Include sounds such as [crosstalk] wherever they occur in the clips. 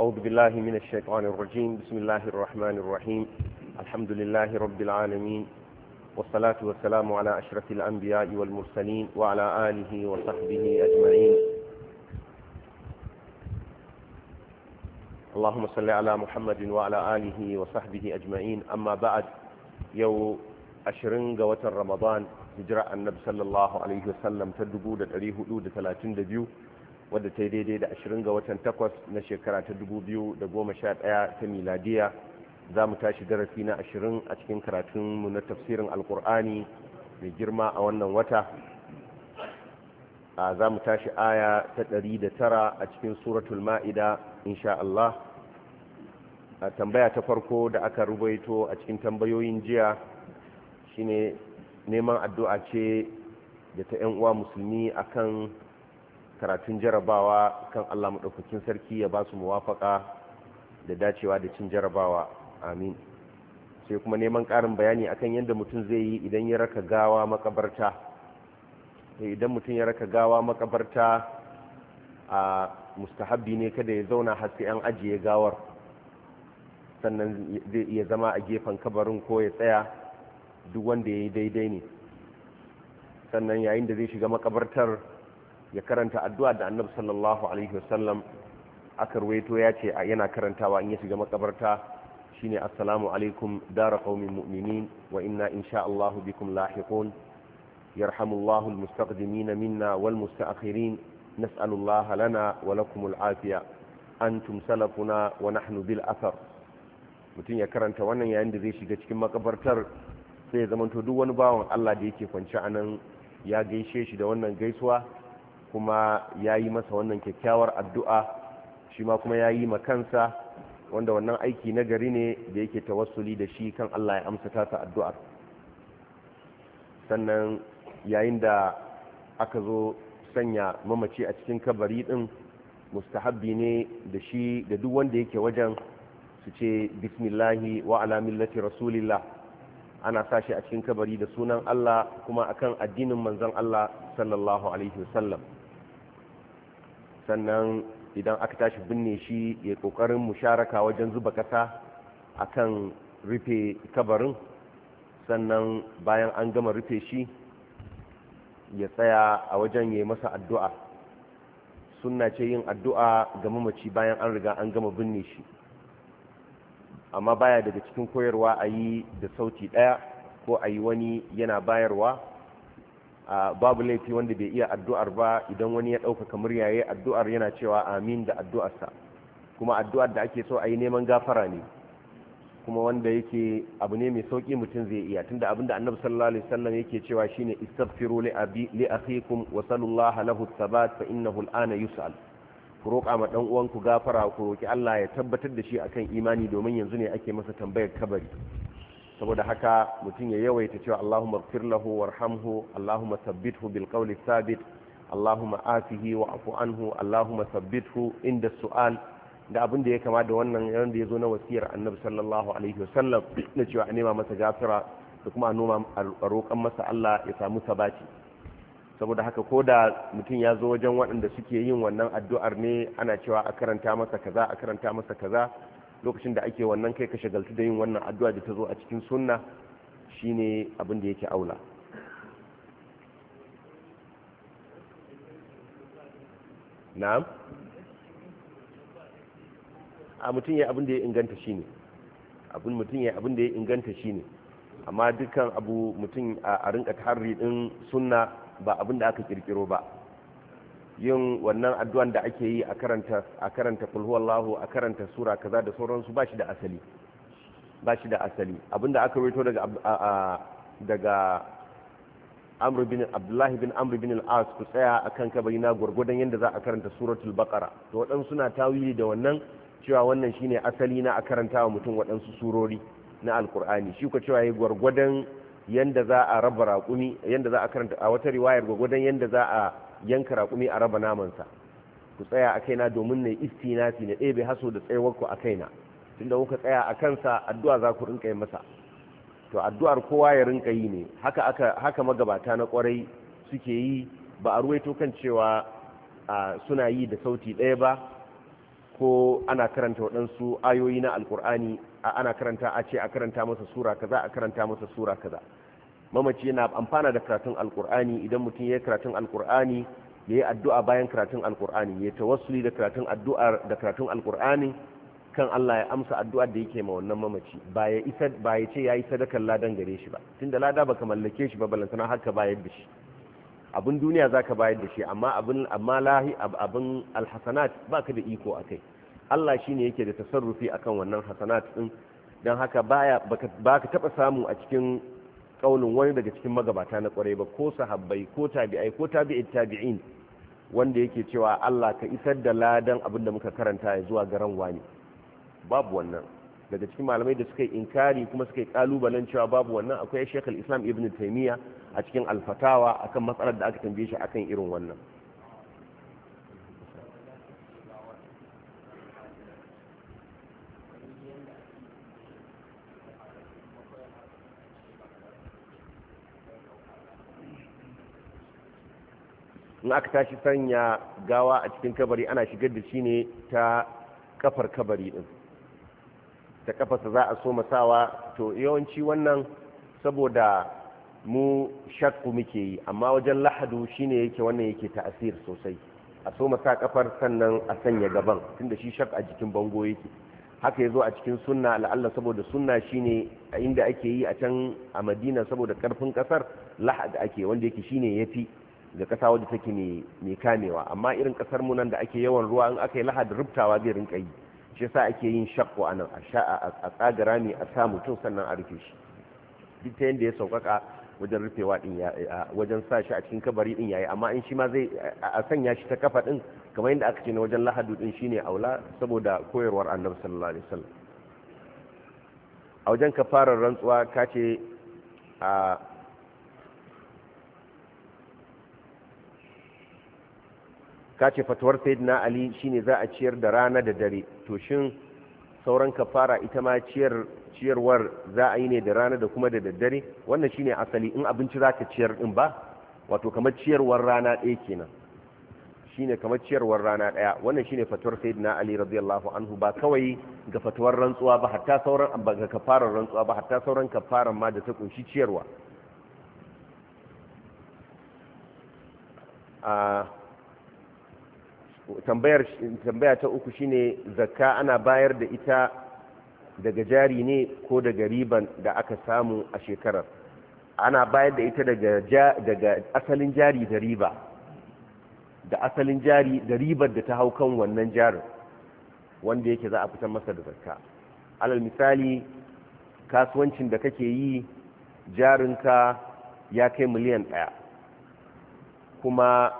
أعوذ بالله من الشيطان الرجيم بسم الله الرحمن الرحيم الحمد لله رب العالمين والصلاة والسلام على أشرف الأنبياء والمرسلين وعلى آله وصحبه أجمعين اللهم صل على محمد وعلى آله وصحبه أجمعين أما بعد يو أشرين قوة رمضان هجرة النبي صلى الله عليه وسلم تدبود دتريه أدود ثلاثين دبيو wadda ta yi daidai da 20 ga watan 8 na shekara ta 2011 ta miladiya za mu tashi darasi na 20 a cikin karatunmu na tafsirin alkur'ani mai girma a wannan wata za mu tashi aya ta 109 a cikin suratul ma'ida insha Allah a tambaya ta farko da aka rubaito a cikin tambayoyin jiya shine neman addu'a ce da ta 'yan uwa musulmi akan karatun jarabawa kan Allah maɗaukakin sarki ya ba su muwafaka da dacewa da cin jarabawa amin sai kuma neman ƙarin bayani akan yadda mutum zai yi idan ya raka gawa makabarta idan mutum ya raka gawa makabarta a mustahabbi ne kada ya zauna har sai an ajiye gawar sannan zai iya zama a gefen kabarin ko ya tsaya duk wanda ya yi daidai ne sannan yayin da zai shiga makabartar ya karanta addu'a da annabi sallallahu alaihi wasallam aka ruwaito ya ce yana karantawa in ya shiga makabarta shine assalamu alaikum dara qaumin mu'minin wa inna insha Allah bikum lahiqun yarhamullahu almustaqdimin minna wal mustaakhirin nas'alu Allah lana wa lakum al'afiya antum salafuna wa nahnu bil athar mutum ya karanta wannan yayin da zai shiga cikin makabartar sai ya zamanto duk wani bawan Allah da yake kwance anan ya gaishe shi da wannan gaisuwa kuma ya yi masa wannan kyakkyawar addu'a shi ma kuma ya yi makansa wanda wannan aiki na gari ne da yake ta tawassuli da shi kan Allah ya amsa ta addu'ar sannan yayin da aka zo sanya mamaci a cikin kabari ɗin mustahabbi ne da shi da duk wanda yake wajen su ce bismillahi wa ala rasulillah ana sa shi a cikin kabari da sunan Allah kuma akan addinin manzon Allah sallallahu alaihi wasallam sannan idan aka tashi binne shi ya kokarin musharaka wajen zuba kasa kan rufe kabarin sannan bayan an gama rufe shi ya tsaya a wajen ya masa addu'a suna ce yin addu'a ga mamaci bayan an riga an gama binne shi amma baya daga cikin koyarwa a yi da sauti ɗaya ko a yi wani yana bayarwa babu laifi wanda bai iya addu'ar ba idan wani ya ɗaukaka murya ya addu'ar yana cewa amin da addu'arsa kuma addu'ar da ake so a yi neman gafara ne kuma wanda yake abu ne mai sauƙi mutum zai iya tunda abin da annabi sallallahu alaihi wasallam yake cewa shine istaghfiru li abi li akhikum wa sallallahu lahu thabat fa innahu al'ana yus'al ku roƙa ma dan uwanku gafara ku roki Allah ya tabbatar da shi akan imani domin yanzu ne ake masa tambayar kabari saboda haka mutum ya yawaita cewa Allahumma ighfir lahu warhamhu Allahumma thabbithu bil qawli thabit Allahumma afihi wa afu anhu Allahumma thabbithu inda su'al da abin da ya kama da wannan yaron da ya zo na wasiyar annabi sallallahu alaihi wasallam na cewa a nema masa gafira da kuma a noma a masa Allah ya samu sabati saboda haka ko da mutum ya zo wajen waɗanda suke yin wannan addu'ar ne ana cewa a karanta masa kaza a karanta masa kaza lokacin da ake wannan kai ka shagaltu da yin wannan addu'a da ta zo a cikin sunna ne abin da yake aula na'am a mutum yi abin da ya inganta ne abin mutum ya abin da ya inganta shi ne amma dukkan abu mutum a rinka tarihin din sunna ba abin da aka kirkiro ba yin wannan addu'an da ake yi a karanta a a karanta sura kaza da sauransu ba shi da asali ba shi da asali abinda aka rito daga daga bin abdullahi bin amr bin al-as ku tsaya akan kabari na gwargwadon yadda za a karanta suratul baqara to wadansu suna tawili da wannan cewa wannan shine asali na a karanta wa mutum wadansu surori na alkur'ani shi ku cewa yi gwargwadon yanda za a raba raƙumi yanda za a karanta a wata riwayar gwagwadon yanda za a yanka raƙumi a raba namansa ku tsaya a kaina domin na istinasi na ɗebe haso da tsayawarku a kaina tunda kuka tsaya a kansa addu'a za ku rinka yi masa to addu'ar kowa ya rinka yi ne haka magabata na kwarai suke yi ba a ruwaito kan cewa suna yi da sauti ɗaya ba ko ana karanta waɗansu ayoyi na alƙur'ani ana karanta a ce a karanta masa sura kaza a karanta masa sura kaza mamaci yana amfana da karatun alkur'ani idan mutum ya yi karatun alkur'ani ya yi addu'a bayan karatun alkur'ani ya tawassuli da karatun addu'a da karatun alkur'ani kan Allah ya amsa addu'a da yake ma wannan mamaci ba ya isa ya yi sadakar ladan gare shi ba tunda lada baka mallake shi ba balantana haka bayar da shi abin duniya zaka bayar da shi amma abin amma lahi abin alhasanat baka da iko a kai Allah shi ne yake da tasarrufi akan wannan hasanat ɗin dan haka baya baka taba samu a cikin kaulin wani daga cikin magabata na kwarai ba ko sahabbai ko tabi'ai ko tabi'in tabi'in wanda yake cewa Allah ka isar da ladan abin da muka karanta ya zuwa garan wani babu wannan daga cikin malamai da suka yi inkari kuma suka yi kalubalen cewa babu wannan akwai Sheikh islam Ibn taimiyya a cikin alfatawa akan matsalar da aka tambaye shi akan irin wannan in aka tashi sanya gawa a cikin kabari ana shigar da shi ne ta kafar kabari din ta kafarsa za a so masawa to yawanci wannan saboda mu shakku muke yi amma wajen lahadu shine yake wannan yake ta'asir sosai a so masa kafar sannan a sanya gaban tunda shi shak a jikin bango yake haka yazo a cikin sunna la'alla saboda sunna shine inda ake yi a can a madina saboda karfin kasar lahad ake wanda yake shine yafi da ƙasa wadda take mai kamewa amma irin ƙasar mu nan da ake yawan ruwa in aka yi lahadin rubtawa zai rinka yi shi sa ake yin shakko a nan a tsagara ne a sa mutum sannan a rufe shi duk ta yadda ya sauƙaƙa wajen rufewa din wajen sa shi a cikin kabari din yayi amma in shi ma zai a sanya shi ta kafa ɗin kamar yadda aka ce na wajen lahadu din ne aula saboda koyarwar annabi sallallahu alaihi wasallam a wajen kafarar rantsuwa ka ce a ka ce fatuwar saidina ali shine za a ciyar da rana da dare to shin sauran kafara ita ma ciyarwar za a yi ne da rana da kuma da daddare wannan shine asali in abinci za ka ciyar din ba wato kamar ciyarwar rana ɗaya kenan shine kamar ciyarwar rana ɗaya wannan shine fatuwar saidina ali radiyallahu anhu ba kawai ga fatuwar rantsuwa ba hatta sauran ba ga kafarar rantsuwa ba hatta sauran kafaran ma da ta kunshi ciyarwa a ah, tambaya ta uku shine zakka ana bayar da ita daga jari ne ko daga riban da aka samu a shekarar ana bayar da ita daga asalin jari da riba da asalin jari da ribar da ta hau kan wannan jarin wanda yake za a fita masa da zakka alal misali kasuwancin da kake yi jarinka ya kai miliyan ɗaya kuma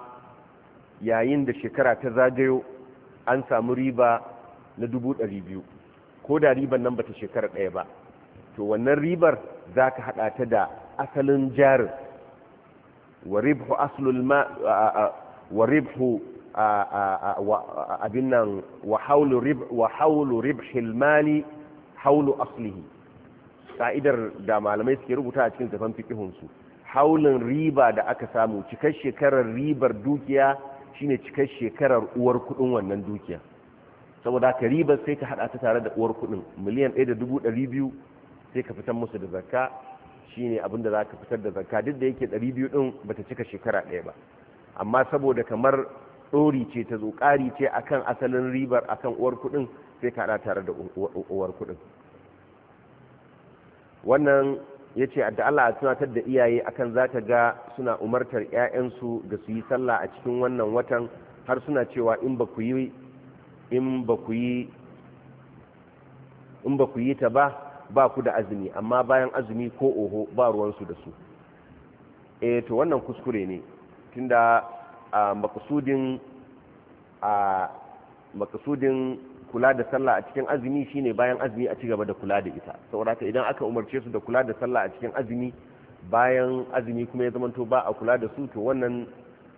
yayin da shekara ta zagayo an samu riba na dubu ɗari biyu ko da ribar nan bata shekara ɗaya ba to wannan ribar za ka haɗa ta da asalin jarin wa ribhu aslul ma wa abin nan wa haulu ribhil mali haulu aslihi sa'idar da malamai suke rubuta a cikin zafin fikihunsu haulin riba da aka samu cikar shekarar ribar dukiya shine cikar shekarar uwar kudin wannan dukiya saboda ka riba sai ka hada ta tare da uwar kudin miliyan 1.200 sai ka fitar musu da zakka shine abin da za ka fitar da zakka duk da yake 200 din bata cika shekara ɗaya ba amma saboda kamar ɗori ce ta zo ce akan asalin ribar akan uwar kudin sai ka hada tare da uwar kudin wannan ya ce da Allah a tunatar da iyaye akan za ta ga suna umartar 'ya'yansu da su yi sallah a cikin wannan watan har suna cewa in ba ku yi ta ba ba ku da azumi amma bayan azumi ko oho ba ruwansu da su E, to wannan kuskure ne tunda a ah, makasudin a ah, makasudin kula da sallah a cikin azumi shine bayan azumi a cigaba da kula da ita saboda idan aka umarce su da kula da sallah a cikin azumi bayan azumi kuma ya zamanto ba a kula da su to wannan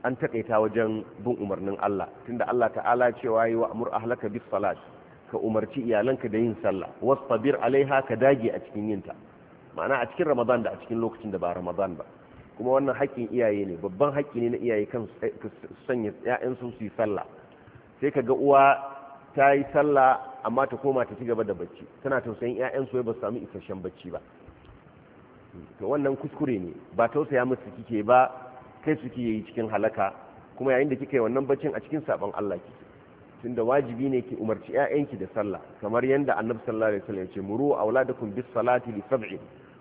an takaita wajen bin umarnin Allah tunda Allah ta'ala cewa yi wa amur ahlaka bis salat ka umarci iyalanka da yin sallah wastabir alaiha ka dage a cikin yinta ma'ana a cikin Ramadan da a cikin lokacin da ba Ramadan ba kuma wannan haƙƙin iyaye ne babban haƙƙi ne na iyaye kan eh, sanya ƴaƴansu su yi sallah sai ka ga uwa ta yi sallah amma ta koma ta ci gaba da bacci tana tausayin 'ya'yansu ba su sami isasshen bacci ba to wannan kuskure ne ba tausaya musu kike ba kai su yi cikin halaka kuma yayin da kika yi wannan baccin a cikin sabon Allah kike tunda wajibi ne ki umarci 'ya'yanki da sallah kamar yadda annabi sallallahu alaihi wasallam ya ce muru auladakum bis salati li sab'i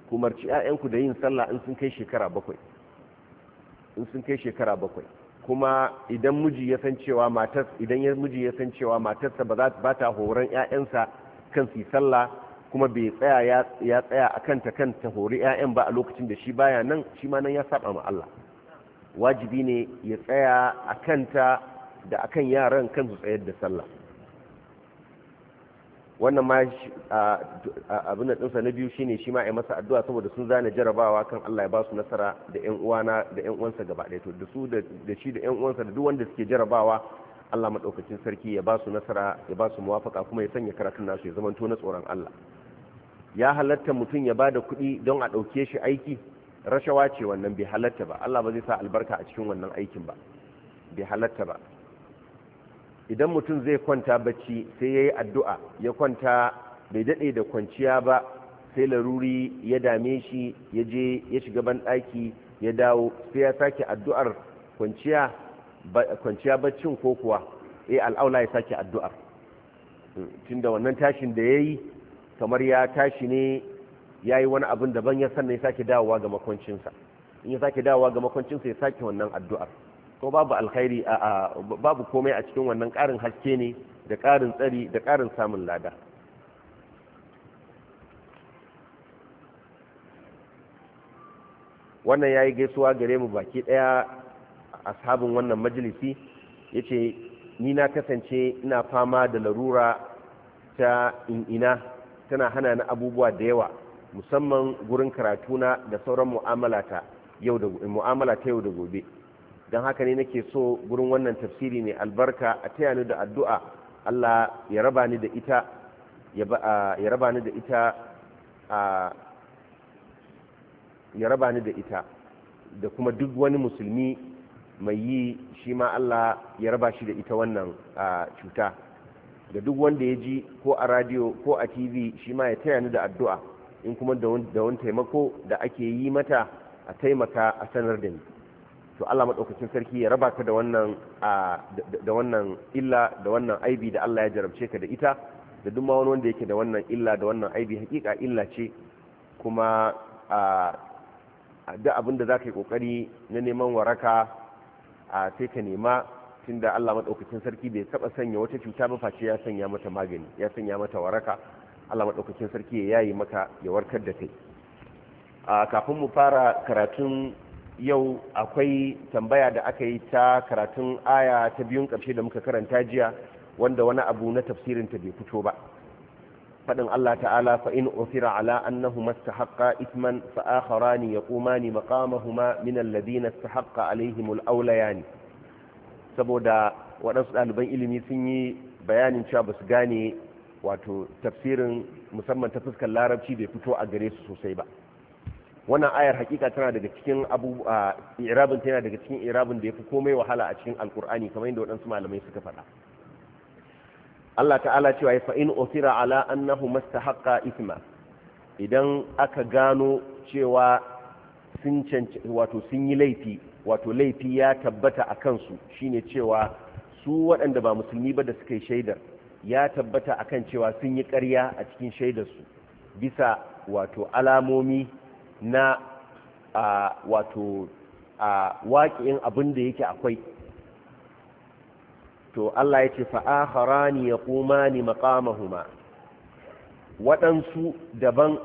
kumarci 'ya'yanku da yin sallah in in sun kai shekara bakwai kuma idan miji ya san cewa matar idan ya miji ya san cewa matarsa ba za ba ta horon ƴaƴansa kan su sallah kuma bai tsaya ya tsaya akan ta kan ta hori ƴaƴan ba a lokacin da shi baya nan shi ma nan ya saba ma Allah wajibi ne ya tsaya akan ta da akan yaran kan su tsayar da sallah wannan ma abin da ɗinsa na biyu shine shi ma a masa addu'a saboda sun zane jarabawa kan Allah ya ba su nasara da ƴan uwana da ƴan uwansa gaba ɗaya to da su da shi da ƴan uwansa da duk wanda suke jarabawa Allah madaukakin sarki ya ba su nasara ya ba su muwafaka kuma ya sanya karatun nasu ya zamanto na tsoron Allah ya halatta mutum ya ba da kuɗi don a ɗauke shi aiki rashawa ce wannan bai halatta ba Allah ba zai sa albarka a cikin wannan aikin ba bai halatta ba idan mutum zai kwanta bacci sai ya yi addu'a ya kwanta bai daɗe da kwanciya ba sai laruri ya dame shi ya je ya shiga banɗaki ya dawo sai ya sake addu'ar kwanciya baccin ko kuwa ya eh, al'aula ya sake addu'ar tun da wannan tashin da ya yi kamar ya tashi ne ya yi wani abin daban ya sannan ya sake dawowa ga makwancinsa in ya sake dawowa ga makwancinsa ya sake wannan addu'ar ko babu alkhairi a babu komai a cikin wannan ƙarin haske ne da ƙarin tsari da ƙarin samun lada wannan ya yi gaisuwa gare mu baki ɗaya ashabin wannan majalisi ya ce ni na kasance ina fama da larura ta ina tana hana ni abubuwa da yawa musamman gurin karatuna da sauran mu'amala ta yau da gobe don haka ne nake so gurin wannan tafsiri ne albarka a taya ni da addu'a Allah ya raba ni da ita ya raba ni da ita ya raba ni da ita da kuma duk wani musulmi mai yi shi ma Allah ya raba shi da ita wannan cuta da duk wanda ya ji ko a radio ko a tv shi ma ya taya ni da addu'a in kuma da wani taimako da ake yi mata a taimaka a sanar da ni to Allah madaukakin sarki ya raba ka da wannan da wannan illa da wannan aibi da Allah ya jarabce ka da ita da duk wani wanda yake da wannan illa da wannan aibi hakika illa ce kuma duk abin da za ka yi kokari na neman waraka sai ka nema tunda Allah madaukakin sarki bai taba sanya wata cuta ba face ya sanya mata magani ya sanya mata waraka Allah madaukakin sarki ya yayi maka ya warkar da kai kafin mu fara karatun yau akwai tambaya da aka yi ta karatun aya ta biyun ƙarshe da muka karanta jiya wanda wani abu na tafsirin ta bai fito ba faɗin Allah ta'ala fa in usira ala annahu mastahaqqa ithman fa akharani yaqumani maqamahuma min alladhina istahaqqa alaihim alawlayani saboda waɗansu ɗaliban ilimi sun yi bayanin cewa basu gane wato tafsirin musamman ta fuskar larabci bai fito a gare su sosai ba wannan ayar hakika tana daga cikin abu a irabin tana daga cikin irabin da yafi komai wahala a cikin alkur'ani kamar yadda waɗansu malamai suka faɗa Allah ta'ala cewa fa in ofira ala annahu mastahaqqa isma idan aka gano cewa sun wato sun yi laifi wato laifi ya tabbata a kansu shine cewa su waɗanda ba musulmi ba da suka yi shaidar ya tabbata akan cewa sun yi ƙarya a cikin shaidarsu bisa wato alamomi na wato waƙi'in abin da yake akwai to Allah ya ce fa'akharani ya kuma ni huma waɗansu daban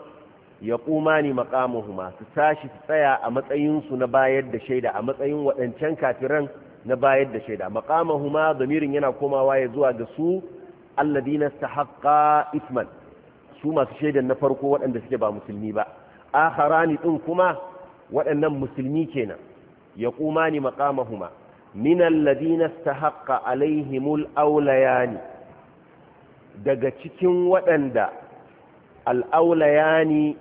ya kuma ni huma su tashi su tsaya a matsayinsu na bayar da shaida a matsayin waɗancan kafiran na bayar da shaida maƙamahuma zamirin yana komawa ya zuwa ga su alladina stahaqqa isman su masu shaidan na farko waɗanda suke ba musulmi ba akharani din kuma waɗannan musulmi kenan ya kuma ni maƙamahuma min alladina stahaqqa alaihimul aulayani daga cikin waɗanda al'aulayani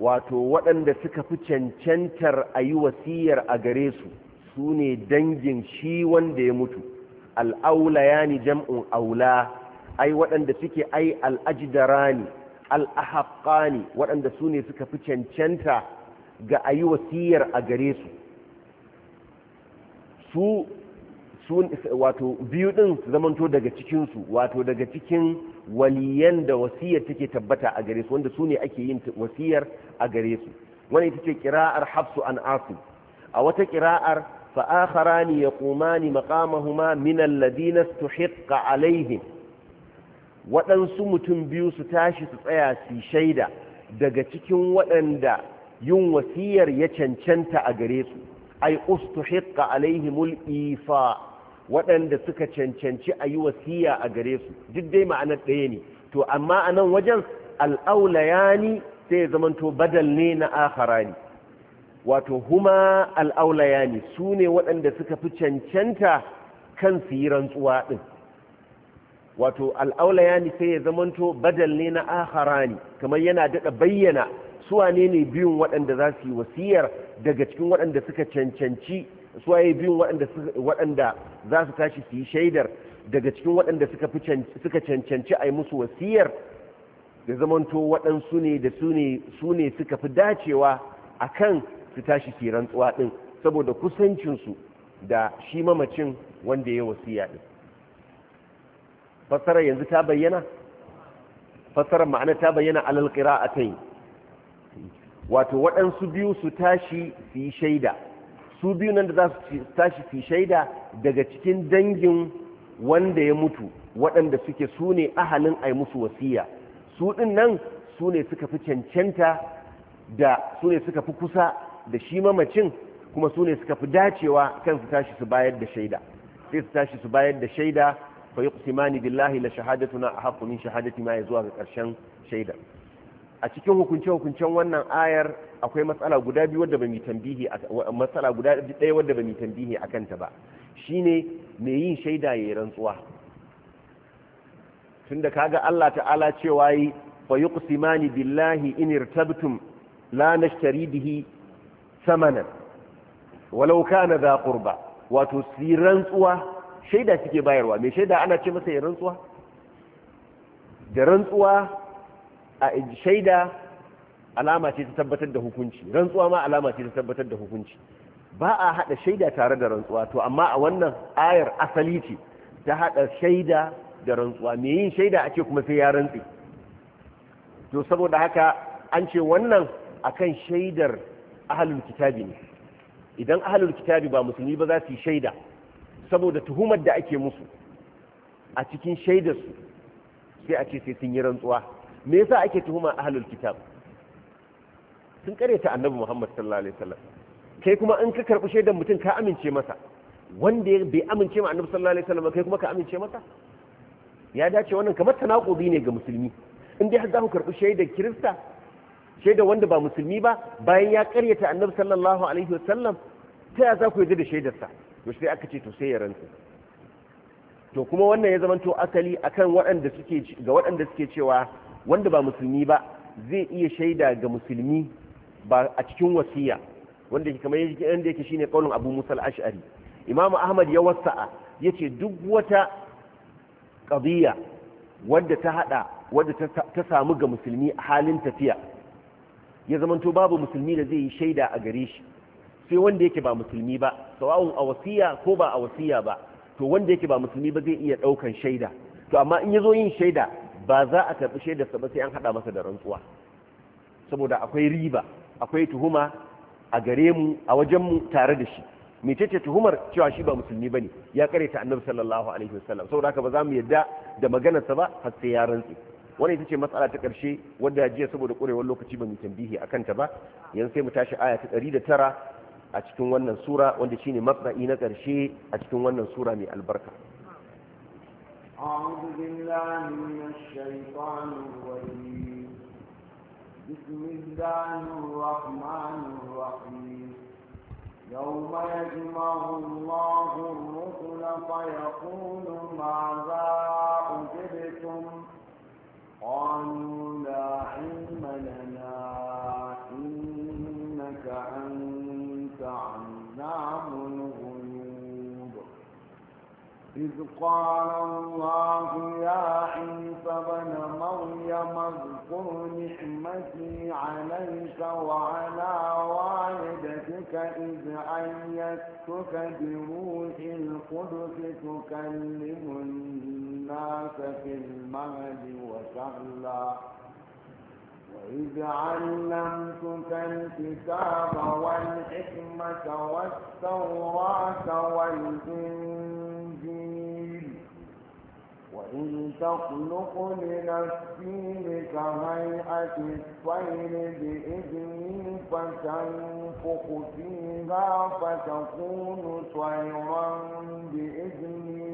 wato waɗanda suka fi cancantar a yi wasiyar a gare su su ne dangin shi wanda ya mutu al'aulayani jam'un aula ai waɗanda suke ai ne. al waɗanda su ne suka fi cancanta ga ayi wasiyar a gare su su wato biyu ɗin zamanto daga cikinsu wato daga cikin waliyan da wasiyar take tabbata a gare su wanda su ne ake yin wasiyar a gare su wani ita ce kira'ar hafsu an asu a wata kira'ar fa'akharani ya ƙumani maƙamahuma min alladina stuhiqqa alaihim waɗansu mutum biyu su tashi su tsaya su shaida daga cikin waɗanda yin wasiyar ya cancanta a gare su ai alaihi alaihimul ifa waɗanda suka cancanci a yi wasiya a gare su duk dai ma'anar ɗaya ne to amma a nan wajen al'aulayani sai ya zamanto badal ne na akharani wato huma al'aulayani su ne waɗanda suka fi cancanta kan su yi rantsuwa ɗin wato al'aulayani sai ya zamanto badal ne na akharani kamar yana daɗa bayyana suwa ne biyun waɗanda za su yi wasiyar daga cikin waɗanda suka cancanci suwaye biyun waɗanda za su tashi su yi shaidar daga cikin waɗanda suka cancanci a yi musu wasiyar da zamanto waɗansu ne da su ne suka fi dacewa a kan su tashi su rantsuwa ɗin saboda kusancinsu da shi mamacin wanda ya wasiya ɗin fassara yanzu ta bayyana fassarar ma'ana ta bayyana alal qira'atayn wato waɗansu biyu su tashi fi shaida su biyu nan da za su tashi fi shaida daga cikin dangin wanda ya mutu waɗanda suke su ne ahalin ai musu wasiya su ɗin nan su ne suka fi cancanta da su ne suka fi kusa da shi mamacin kuma su ne suka fi dacewa kan su tashi su bayar da shaida sai su tashi su bayar da shaida fa billahi la shahadatuna ahqqu min shahadati ma zuwa ga karshen shaida a cikin hukunce hukuncen wannan ayar akwai matsala guda biyu wadda ba mu tambihi matsala guda ɗaya wadda ba mu tambihi akan ta ba shine me yin shaida yayin rantsuwa tunda kaga Allah ta'ala cewa yi fa billahi in irtabtum la nashtari bihi samanan walau kana dha qurba wato siran tsuwa shaida suke bayarwa mai shaida ana ce masa ya rantsuwa da rantsuwa a shaida alama ce ta tabbatar da hukunci rantsuwa ma alama ce ta tabbatar da hukunci ba a haɗa shaida tare da rantsuwa to amma a wannan ayar asali ce ta haɗa shaida da rantsuwa me yin shaida ake kuma sai ya rantsi to saboda haka an ce wannan akan shaidar ahalul kitabi ne idan ahalul kitabi ba musulmi ba za su yi shaida saboda tuhumar da ake musu a cikin shaidarsu sai a ce sai sun yi rantsuwa me yasa ake tuhuma ahlul kitab sun ta annabi Muhammad sallallahu alaihi wasallam kai kuma in ka karbi shaidar mutum ka amince masa wanda bai amince ma annabi sallallahu alaihi wasallam kai kuma ka amince masa ya dace wannan kamar tanakubi ne ga musulmi in dai har za ku karbi shaidar kirista shaida wanda ba musulmi ba bayan ya karyata annabi sallallahu alaihi wasallam ta ya za ku yi da shaidarsa to sai aka ce to sai ya rantsu. to kuma wannan ya zamanto asali akan waɗanda suke ga waɗanda suke cewa wanda ba musulmi ba zai iya shaida ga musulmi ba a cikin wasiya wanda kamar da yake shine kaulin Abu Musa al-Ash'ari Imam Ahmad ya wasa'a yace duk wata qadiya wadda ta hada wadda ta samu ga musulmi a halin tafiya ya zamanto babu musulmi da zai yi shaida a gare shi sai wanda yake ba musulmi ba sawa'un a wasiya ko ba a wasiya ba to wanda yake ba musulmi ba zai iya daukan shaida to amma in yazo yin shaida ba za a karbi shaidarsa ba sai an hada masa da rantsuwa saboda akwai riba akwai tuhuma a gare mu a wajen mu tare da shi mecece tuhumar cewa shi ba musulmi bane ya ta annabi sallallahu alaihi wasallam saboda haka ba za mu yadda da maganarsa ba har sai ya rantsi wannan ita ce matsala ta ƙarshe wadda jiya saboda ƙurewar lokaci ba mu tambihi a kanta ba yanzu sai mu tashi aya ta ɗari da tara a cikin wannan sura wanda shine matsayi na ƙarshe a cikin wannan sura mai albarka أعوذ بالله من الشيطان الرجيم بسم الله الرحمن الرحيم يوم يجمع الله الرسل فيقول ماذا أجبتم قالوا لا علم لنا إنك أنت نعم الغيوب إذ قال الله يا عيسى بن مريم اذكر نعمتي عليك وعلى والدتك إذ أيدتك بروح القدس تكلم الناس في المهد وسهلا وإذ علمتك الكتاب والحكمة والتوراة والإنجيل وإن تخلق لنفسي كهيئة الطير بإذني فتنفخ فيها فتكون طيرا بإذني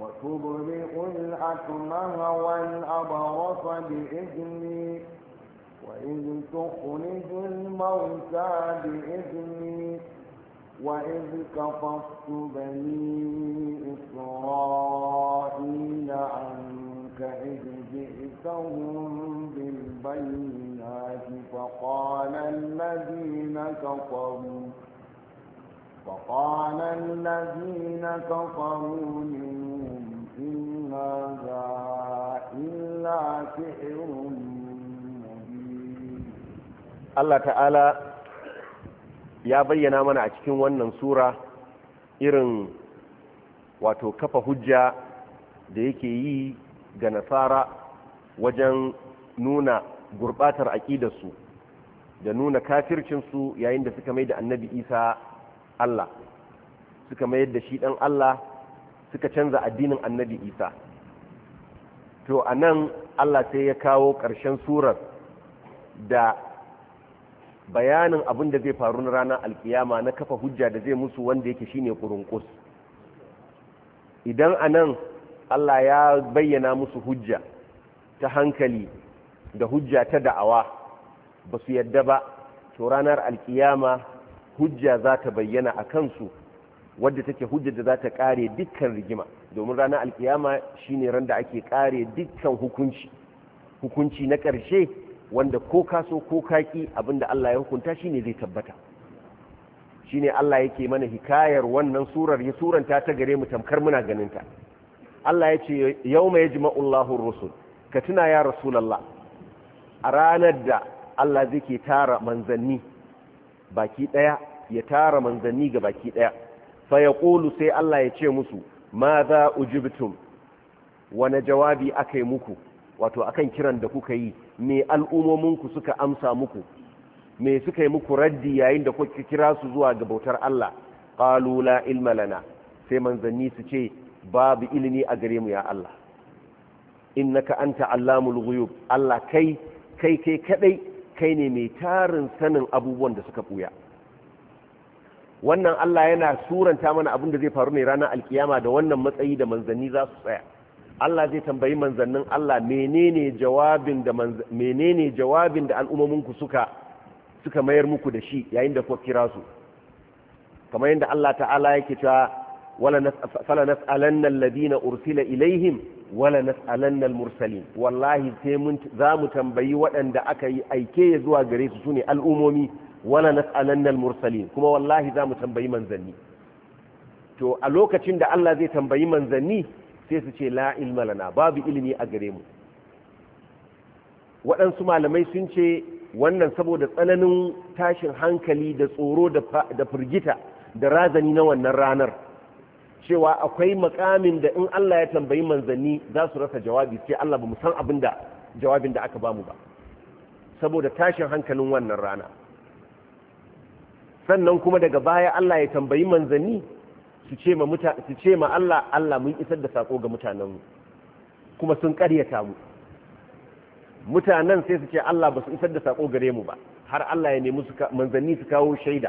وتبرئ الأكمه والأبرص بإذني وإذ تخرج الموتى بإذني وإذ كففت بني إسرائيل عنك إذ جئتهم بالبينات فقال الذين كفروا فقال الذين كفروا منهم إن هذا إلا سحر Allah ta’ala ya bayyana mana a cikin wannan sura irin wato kafa hujja da yake yi ga nasara wajen nuna gurbatar aƙidarsu da nuna kafircinsu yayin da suka mai da annabi isa Allah suka mayar da shi ɗan Allah suka canza addinin annabi Isa to a nan Allah sai ya kawo ƙarshen surar da bayanin abin da zai faru na ranar alkiyama na kafa hujja da zai musu wanda yake shine kurunkus idan a nan Allah ya bayyana musu hujja ta hankali da hujja ta da'awa ba su yadda ba to ranar alkiyama hujja za ta bayyana a kansu wadda take hujja da za ta kare dukkan rigima domin ranar alkiyama shine ran da ake kare dukkan hukunci hukunci na ƙarshe wanda ko kaso ko kaki abinda Allah ya hukunta shine zai tabbata shine Allah yake mana hikayar wannan surar ya suranta ta gare mu tamkar muna ganinta Allah ya ce ma yajma'u Allahu rusul ka tuna ya Rasulallah. a ranar da Allah zai ke tara manzanni baki daya ya tara manzanni ga baki daya fa yaqulu sai Allah ya ce musu ma za ujibtum wani jawabi akai yi muku wato akan kiran da kuka yi me al'umominku suka amsa muku me suka yi muku raddi yayin da kuka kira su zuwa ga bautar Allah qalu la ilma lana sai manzanni su ce babu ilimi a gare mu ya Allah innaka anta allamul ghuyub Allah kai kai kai kadai kai ne mai tarin sanin abubuwan da suka ɓuya wannan Allah yana suranta mana abin da zai faru ne ranar alkiyama da wannan matsayi da manzanni za su tsaya Allah zai tambayi manzannin Allah menene jawabin da menene jawabin da suka mayar muku da shi yayin da kuka kira su kamar yadda Allah ta'ala yake cewa wala nas'alanna alladhina ursila ilaihim wala nas'alannal mursalin wallahi sai mun za mu tambayi waɗanda aka yi aike ya zuwa gare su sune al'umomi wala nas'alannal mursalin kuma wallahi za mu tambayi manzanni to a lokacin da Allah zai tambayi manzanni sai su ce la ilma babu ilimi a gare mu waɗansu malamai sun ce wannan saboda tsananin tashin hankali da tsoro da firgita da razani na wannan ranar cewa akwai makamin da in Allah ya tambayi manzanni za su rasa jawabi sai Allah ba mu san abin da jawabin da aka bamu ba saboda tashin hankalin wannan rana sannan kuma daga baya Allah ya tambayi manzanni su ce ma mutane su ce ma Allah Allah mun isar da sako ga mutanen mu kuma sun karyata mu mutanen sai su ce Allah ba su isar da sako gare mu ba har Allah ya nemi manzanni su kawo shaida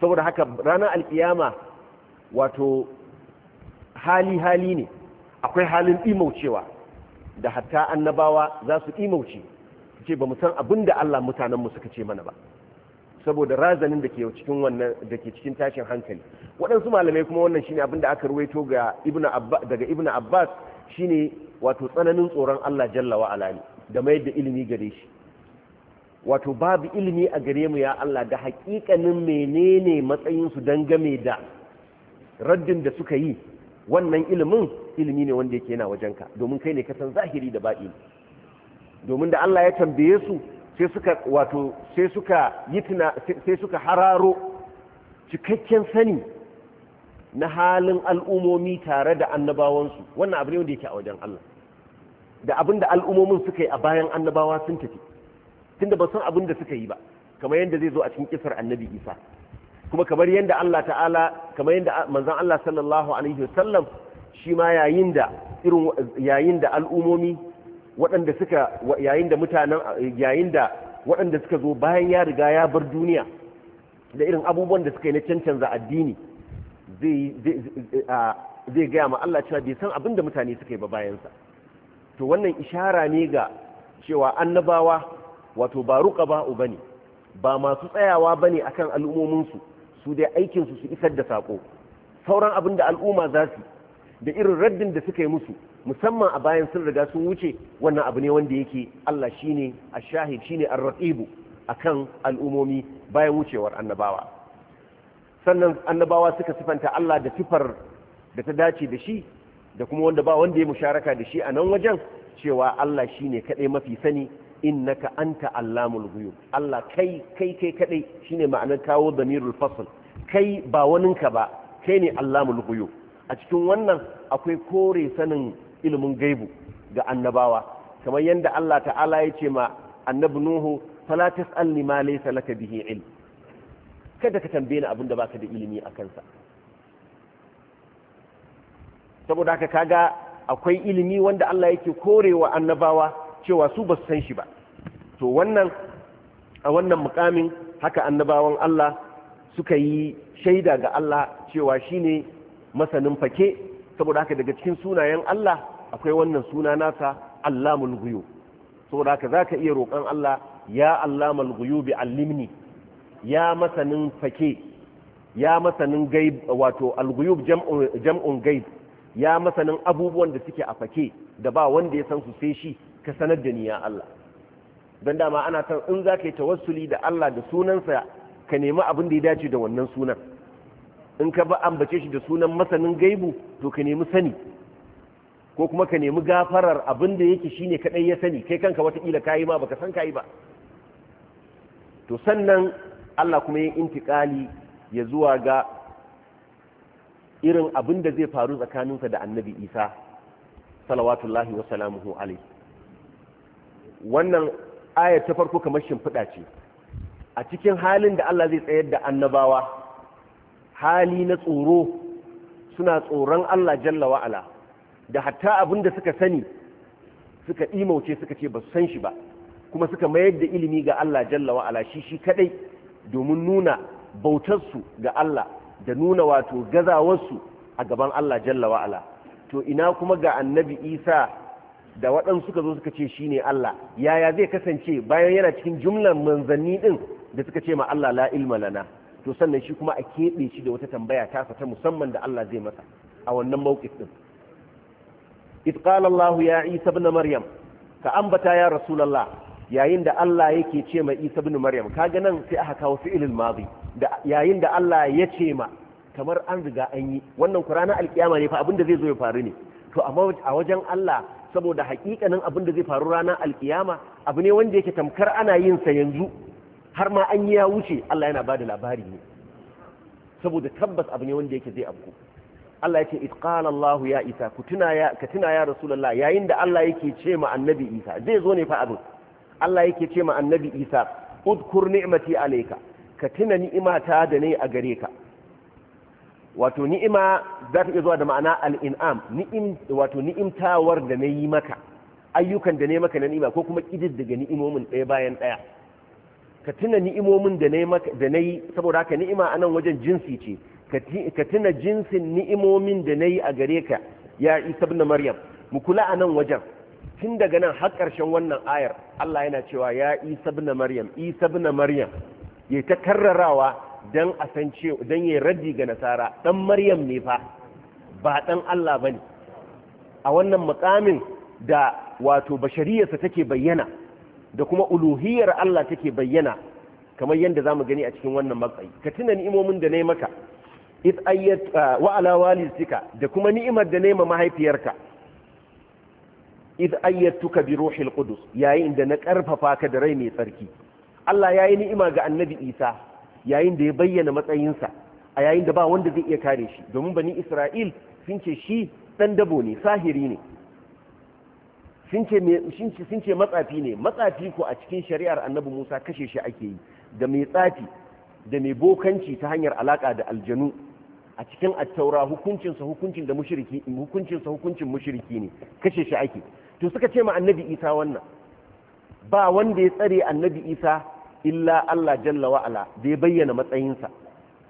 saboda haka ranar alkiyama wato hali hali ne akwai halin imaucewa da hatta annabawa za su imauce ce ba mu san abin da Allah mutanenmu suka ce mana ba saboda razanin da ke cikin wannan da ke cikin tashin hankali waɗansu malamai kuma wannan shine abin da aka ruwaito ga ibnu abbas daga ibnu abbas shine wato tsananin tsoron Allah jalla wa ala da mai da ilimi gare shi wato babu ilimi a gare mu ya Allah da haƙiƙanin menene matsayin su dangame da raddin da suka yi wannan ilimin ilimi ne wanda yake yana wajenka domin kai ne kasan zahiri da baɗi domin da Allah ya tambaye su sai suka wato sai suka yi sai suka hararo cikakken sani na halin al'umomi tare da annabawansu wannan abu ne wanda yake a wajen Allah da abin da al'umomin suka yi a bayan annabawa sun tafi tunda ba san abin da suka yi ba kamar yadda zai zo a cikin kisar annabi isa kuma kamar yadda Allah ta'ala kamar yadda manzon Allah sallallahu alaihi wasallam shi ma yayin da al'umomi waɗanda suka yayin da mutanen yayin da waɗanda suka zo bayan ya riga ya bar duniya da irin abubuwan da suka yi na cancanza addini zai gaya ma Allah cewa bai san abin da mutane suka yi ba bayansa to wannan ishara ne ga cewa annabawa wato ba ruka ba ne ba masu tsayawa ba ne akan su su dai aikinsu su isar da saƙo sauran abin da al'umma za su da irin raddin da suka yi musu musamman a bayan sun riga sun wuce wannan abu ne wanda yake Allah shine ash-shahid shine ar a kan al'umomi bayan wucewar annabawa sannan annabawa suka sifanta Allah da sifar da ta dace da shi da kuma wanda ba wanda ya musharaka da shi a nan wajen cewa Allah shine kadai mafi sani innaka anta allamul ghuyub Allah kai kai kai kadai shine ma'anar kawo damirul fasl kai ba waninka ba kai ne allamul ghuyub a cikin wannan akwai kore sanin ilimin gaibu ga annabawa kamar yadda Allah ta'ala ya ce ma annabi nuhu fala tas'alni ma laysa laka bihi ilm kada ka tambaye ni abin da baka da ilimi a kansa saboda haka kaga akwai ilimi wanda Allah yake korewa annabawa cewa su ba su san shi ba to wannan a wannan mukamin haka annabawan Allah suka yi shaida ga Allah cewa shine masanin fake saboda haka daga cikin sunayen Allah akwai wannan suna nasa Allamul Ghuyub saboda haka zaka iya roƙon Allah ya Allamul bi allimni ya masanin fake ya masanin gaib wato al-ghuyub jam'un gaib ya masanin abubuwan da suke a fake da ba wanda ya san su sai shi ka sanar da ni ya Allah don dama ana san in za ka yi tawassuli da Allah da sunansa ka nemi abin da ya dace da wannan sunan in ka ba ambace shi da sunan masanin gaibu to ka nemi sani ko kuma ka nemi gafarar abin da yake shine kadai ya sani kai kanka watakila kayi ma baka san kayi ba to sannan Allah kuma ya intikali ya zuwa ga irin abin da zai faru tsakaninsa da annabi isa salawatullahi wa alaihi wannan ayar ta farko kamar shimfiɗa ce a cikin halin da Allah zai tsayar da annabawa hali na tsoro suna tsoron Allah jalla wa'ala da hatta abin da suka sani suka imauce suka ce ba su san shi ba kuma suka mayar da ilimi ga Allah jalla wa'ala shi shi kadai domin nuna bautarsu ga Allah da nuna wato gazawarsu a gaban Allah jalla wa'ala to ina kuma ga annabi Isa da waɗansu suka zo suka ce shi ne Allah yaya zai kasance bayan yana cikin jumlar manzanni ɗin da suka ce ma Allah la ilma lana to sannan shi kuma a keɓe shi da wata tambaya tasa ta musamman da Allah zai masa a wannan mawqif ɗin id qala ya Isa ibn Maryam ka ambata ya Rasulullah yayin da Allah yake ce ma Isa ibn Maryam kaga nan sai aka kawo fi'ilul madi da yayin da Allah ya ce ma kamar an riga an yi wannan kurana alkiyama ne fa abin da zai zo ya faru ne to amma a wajen Allah saboda hakikanin abin da zai faru ranar alkiyama abu ne wanda yake tamkar ana yin sa yanzu har ma an yi ya wuce Allah yana bada labari ne saboda tabbas abu ne wanda yake zai abu, Allah ya ce itqala Allah ya Isa ku tuna ya ka tuna ya Rasulullah yayin da Allah yake ce ma Annabi Isa zai zo ne fa abin Allah yake ce ma Annabi Isa udkur ni'mati alayka ka tuna ni'imata da ne a gare ka wato ni'ima za ta iya zuwa da ma'ana al'in'am wato ni'imtawar da na yi maka ayyukan da na maka na ni'ima ko kuma daga ni'imomin ɗaya bayan ɗaya ka tuna ni'imomin da na yi saboda haka ni'ima a nan wajen jinsi ce ka tuna jinsin ni'imomin da na yi a gare ka ya isa na maryam mu kula a nan wajen tun daga nan har ƙarshen wannan ayar allah yana cewa ya isa maryam isa na maryam ya ta karrarawa dan a san cewa dan yayi raddi ga nasara dan maryam ne fa ba dan Allah bane a wannan mukamin da wato bashariyarsa take bayyana da kuma uluhiyar Allah take bayyana kamar yadda zamu gani a cikin wannan matsayi ka tuna ni'imomin da nayi maka iz ayyat ah, wa ala walidika da kuma ni'imar da nayi ma mahaifiyarka iz ayyatuka bi ruhil qudus yayin da na karfafa ka da rai mai tsarki Allah yayi ni'ima ga annabi Isa yayin da ya bayyana matsayinsa a yayin da ba wanda zai iya kare shi domin bani isra'il sun ce shi dan dabo ne sahiri ne sun ce matsafi ne matsafi ko a cikin shari'ar annabi musa kashe shi ake yi da mai tsafi da mai bokanci ta hanyar alaka da aljanu a cikin attaura hukuncinsa hukuncin da mushriki hukuncinsa hukuncin mushriki ne kashe shi ake to suka ce ma annabi isa wannan ba wanda ya tsare annabi isa illa Allah jalla wa'ala da ya bayyana matsayinsa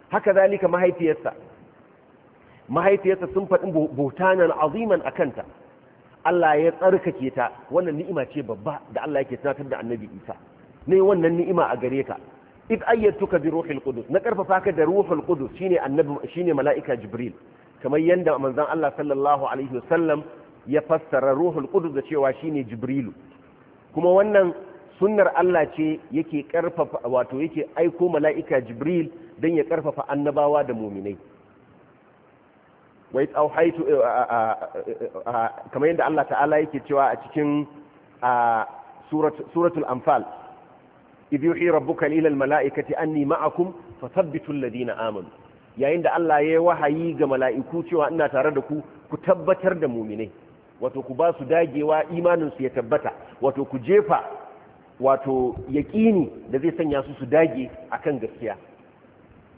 haka zalika mahaifiyarsa mahaifiyarsa sun faɗin botanan aziman a kanta Allah ya tsarkake ta wannan ni'ima ce babba da Allah yake tunatar da annabi Isa ne wannan ni'ima a gare ka id ayyatuka bi ruhil qudus na karfafa ka da ruhul qudus shine annabi shine mala'ika jibril kamar yanda manzon Allah sallallahu alaihi wasallam ya fassara ruhul qudus da cewa shine jibrilu kuma wannan sunnar Allah ce yake karfafa wato yake aiko mala'ika Jibril don ya ƙarfafa annabawa da muminai wai eh, kamar yadda Allah ta'ala yake cewa a cikin suratul anfal idh yuhi rabbuka ce, an mala'ikati anni ma'akum fasabbitun ladina amanu yayin da Allah ya yi wahayi ga mala'iku cewa ina tare da ku ku tabbatar da muminai wato ku ba su dagewa imaninsu ya tabbata wato ku jefa wato yaƙini da zai sanya su su dage akan gaskiya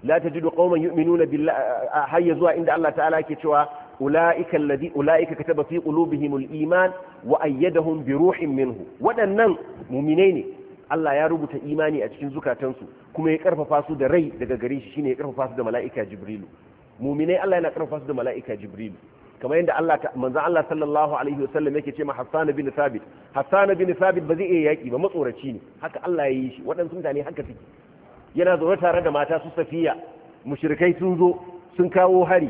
la tajidu qauman yu'minuna billahi hayya zuwa inda Allah ta'ala ke cewa ulaika alladhi ulaika kataba fi qulubihimul iman wa ayyadahum bi ruhin minhu waɗannan mu'minai ne Allah ya rubuta imani a cikin zukatansu kuma ya karfafa su da rai daga gare shi shine ya karfafa su da mala'ika jibrilu mu'minai Allah yana karfafa su da mala'ika jibrilu kamar yadda Allah ta manzon Allah sallallahu alaihi wasallam yake ce ma Hassan bin Thabit Hassan bin Thabit ba zai iya yaki ba matsoraci ne haka Allah ya yi shi waɗansu mutane haka suke yana zaune tare da mata su Safiya mushrikai sun zo sun kawo hari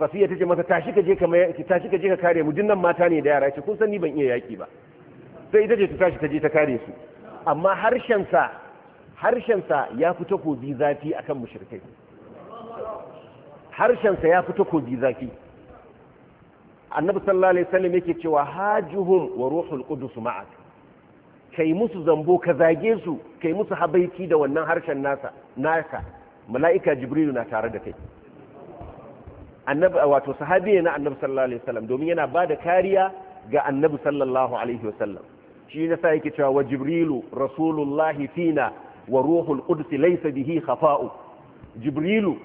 Safiya tace masa tashi ka je ka tashi ka je ka kare mu dinnan mata ne da yara ce kun san ni ban iya yaki ba sai ita ce ta tashi ta je ta kare su amma harshen sa ya fito ko zafi akan mushrikai harshensa ya fito ko zafi annabi sallallahu alaihi wasallam yake cewa hajuhum wa ruhul qudus ma'ak kai musu zambo ka zage su kai musu habaiki da wannan harshen nasa naka mala'ika jibril na tare da kai annabi wato sahabi na annabi sallallahu alaihi wasallam domin yana bada kariya ga annabi sallallahu alaihi wasallam shi ne sai yake cewa wa jibrilu rasulullahi fina wa ruhul qudus laysa bihi khafa'u jibrilu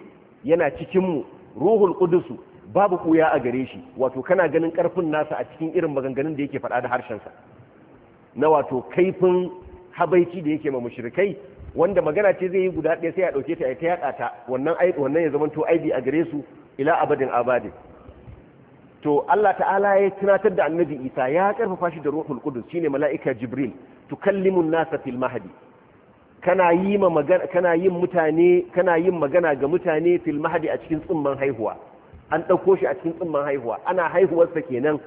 yana cikin mu ruhul qudus babu kuya a gare shi wato kana ganin karfin nasa a cikin irin maganganun da yake faɗa da harshensa na wato kaifin habaici da yake ma mushrikai wanda magana ce zai yi guda ɗaya sai ya ɗauke ta ya ta yaɗa ta wannan wannan ya zamanto aibi a gare su ila abadin abadin to Allah ta'ala ya tunatar da annabi Isa ya karfafa shi da ruhul qudus shine mala'ika jibril tukallimu nasa fil mahdi kana yi magana kana yin mutane kana yin magana ga mutane fil mahdi a cikin tsumman haihuwa an ɗauko shi a cikin tsumman haihuwa ana haihuwarsa kenan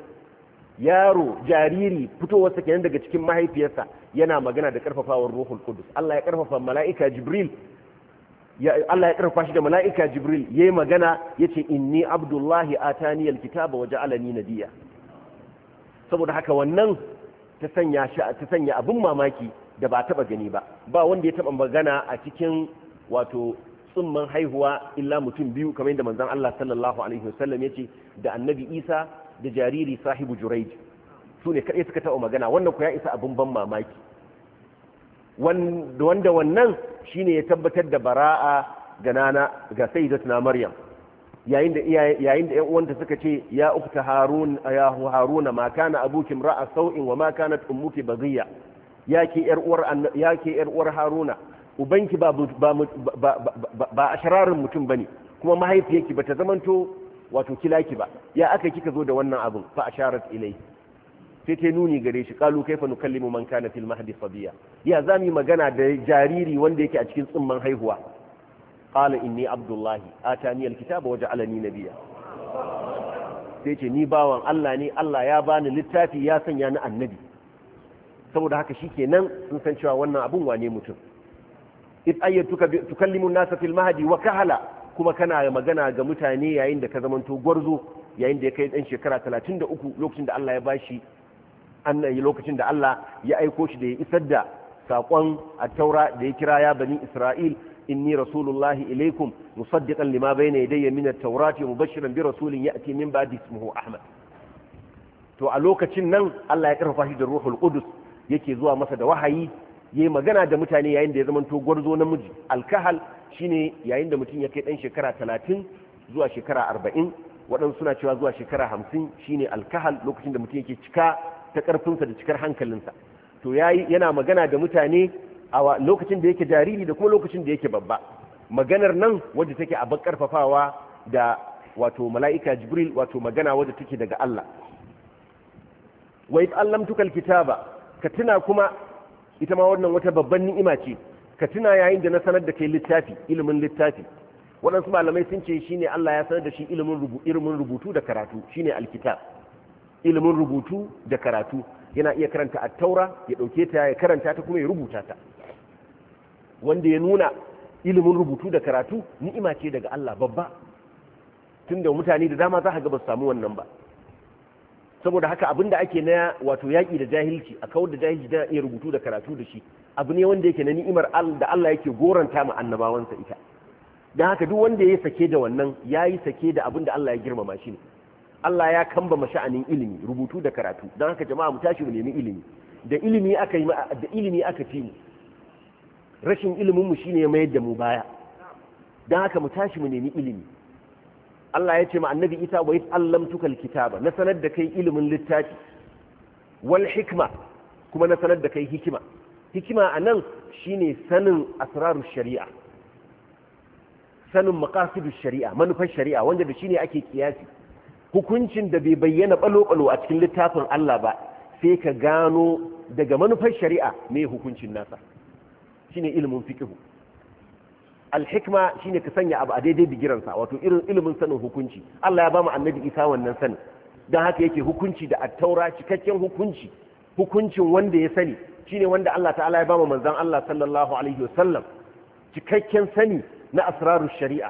yaro jariri fitowarsa kenan daga cikin mahaifiyarsa yana magana da ƙarfafawar ruhul kudus Allah ya da mala'ika jibril ya Allah ya ce shi da mala'ika jibril yayi magana yace inni abdullahi atani alkitaba wa ja'alani saboda haka wannan ta sanya abin mamaki da ba taba gani ba ba wanda ya taɓa magana a cikin wato tsumman haihuwa illa mutum biyu kamar yadda manzon Allah sallallahu alaihi wasallam yace da annabi Isa da jariri sahibu Jurayj su ne kadai suka taɓa magana wannan ku ya isa abun ban mamaki wanda wannan shine ya tabbatar da bara'a ga nana ga sayyidatuna Maryam yayin da yayin da ƴan uwanta suka ce ya ukta harun ya haruna ma kana abuki ra'a sau'in wa ma kanat ummuki baghiya yake yar uwar yake yar uwar haruna ubanki ba ba a shararin mutum bane kuma mahaifiyarki ba ta zamanto wato kilaki ba ya aka kika zo da wannan abin fa asharat ilai sai ta nuni gare shi kalu kaifa kallimu man kana fil mahdi sabiya ya zami magana da jariri wanda yake a cikin tsimman haihuwa qala inni abdullahi atani alkitaba ja'alani nabiyya sai ce ni bawan Allah ne Allah ya bani littafi ya sanya ni annabi saboda haka shikenan sun san cewa wannan abun wane mutum id ayyatuka tukallimu an-nasa fil mahdi wa kahala kuma kana magana ga mutane yayin da ka zamanto gwarzo yayin da ya kai dan shekara 33 lokacin da Allah ya bashi yi lokacin da Allah ya aiko shi da ya isar da sakon at-taura da ya kira ya bani Isra'il inni rasulullahi ilaikum musaddiqan lima bayna yadayya min at-taurati mubashiran bi rasulin ya'ti min ba'di ismihi Ahmad to a lokacin nan Allah ya karfafa shi da ruhul qudus yake zuwa masa da wahayi yi magana da mutane yayin da ya zamanto gwarzo namiji alkahal shine yayin da mutum ya kai dan shekara talatin zuwa shekara arba'in, waɗansu suna cewa zuwa shekara shi shine alkahal lokacin da mutum yake cika ta ƙarfinsa da cikar hankalinsa to yayi yana magana da mutane a lokacin da yake jariri da kuma lokacin da yake babba maganar nan wadda take a karfafawa da wato mala'ika jibril wato magana wadda take daga Allah Wai id allamtuka ka tuna kuma ita ma wannan wata babban ni'ima ce ka tuna yayin da na sanar da kai littafi ilimin littafi waɗansu malamai sun ce shine Allah ya sanar da shi ilimin rubutu da karatu shine alkitab ilimin rubutu da karatu yana iya karanta a taura ya ɗauke ta ya karanta ta kuma ya rubuta ta wanda ya nuna ilimin rubutu da karatu ni'ima ce daga Allah babba Tun da mutane da dama za ka ga ba su samu wannan ba saboda haka abinda ake na wato yaƙi da jahilci a kawar da jahilci da iya rubutu da karatu da shi abu ne wanda yake na ni'imar da Allah yake goranta ma annabawansa ita Don haka duk wanda ya yi sake da wannan ya yi sake da abinda Allah ya girmama shi ne Allah ya kamba masha'anin ilimi rubutu da karatu Don haka jama'a mu tashi mu nemi ilimi da ilimi aka yi da fi mu rashin ilimin mu shine ya mayar da mu baya Don haka mu tashi mu nemi ilimi Allah ya ce ma annabi isa wa allamtuka kitaba, na sanar da kai ilimin littafi wal hikma kuma na sanar da kai hikima hikima a anan shine sanin asraru shari'a sanin maqasidus shari'a manufar shari'a wanda da shine ake kiyasi hukuncin da bai bayyana balo-balo a cikin littafin Allah ba sai ka gano daga manufar shari'a me hukuncin nasa shine ilimin fiqh alhikma shine ka sanya abu a daidai digiransa wato irin ilimin sanin hukunci Allah ya ba mu annabi Isa wannan sani don haka yake hukunci da attaura cikakken hukunci hukuncin wanda ya sani shine wanda Allah ta'ala ya ba mu manzon Allah sallallahu alaihi wasallam cikakken sani na asrarus shari'a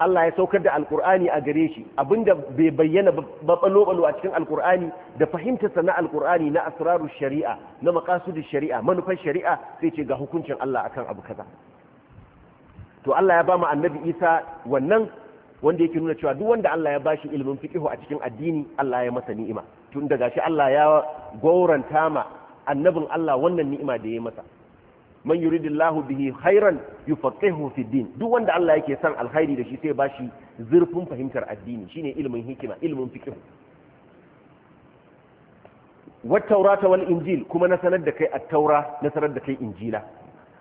Allah ya saukar da alkur'ani a gare shi abinda bai bayyana balo-balo a cikin alkur'ani da fahimtarsa na alkur'ani na asraru shari'a na maqasudin shari'a manufar shari'a sai ce ga hukuncin Allah akan abu kaza to Allah ya ba mu annabi Isa wannan wanda yake nuna cewa duk wanda Allah ya ba shi ilimin fiqh a cikin addini Allah ya masa ni'ima tun daga shi Allah ya goranta ma annabin Allah wannan ni'ima da ya masa man yuridillahu bihi khairan yufaqihu fi din duk wanda Allah yake son alkhairi da shi sai ba shi zurfin fahimtar addini shine ilmin hikima ilmin fiqh wat taurata wal injil kuma na sanar da kai at-taura na sanar da kai injila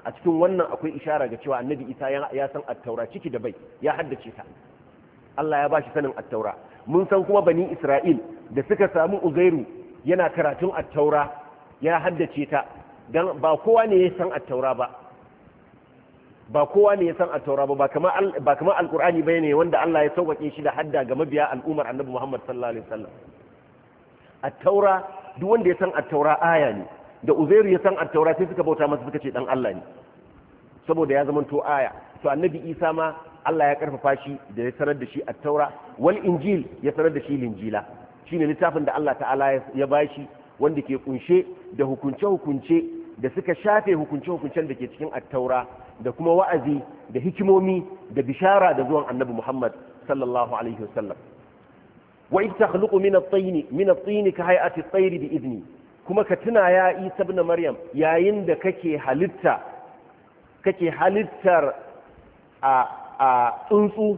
a cikin wannan akwai ishara ga cewa annabi isa ya san at-taura ciki da bai ya haddace ta Allah ya ba shi sanin at-taura mun san kuma bani isra'il da suka samu uzairu yana karatun at-taura ya haddace ta ba kowa ne ya san attaura ba ba kowa ne ya san attaura ba ba kamar ba bai ne wanda Allah ya sauƙaƙe shi da hadda ga mabiya al'umar annabi Muhammad sallallahu alaihi wasallam attaura duk wanda ya san attaura aya ne da uzairu ya san attaura sai suka bauta masa suka ce dan Allah ne saboda ya zama to aya to annabi Isa ma Allah ya karfafa shi da ya sanar da shi attaura taura wal injil ya sanar da shi linjila shine littafin da Allah ta'ala ya bashi wanda ke kunshe da hukunce-hukunce da suka shafe hukunce-hukuncen da ke cikin attaura da kuma wa'azi da hikimomi da bishara da zuwan annabi Muhammad sallallahu alaihi wasallam wa ita min at ka hai at da izini, kuma ka tuna ya Isa ibn Maryam yayin da kake halitta kake halittar a tsuntsu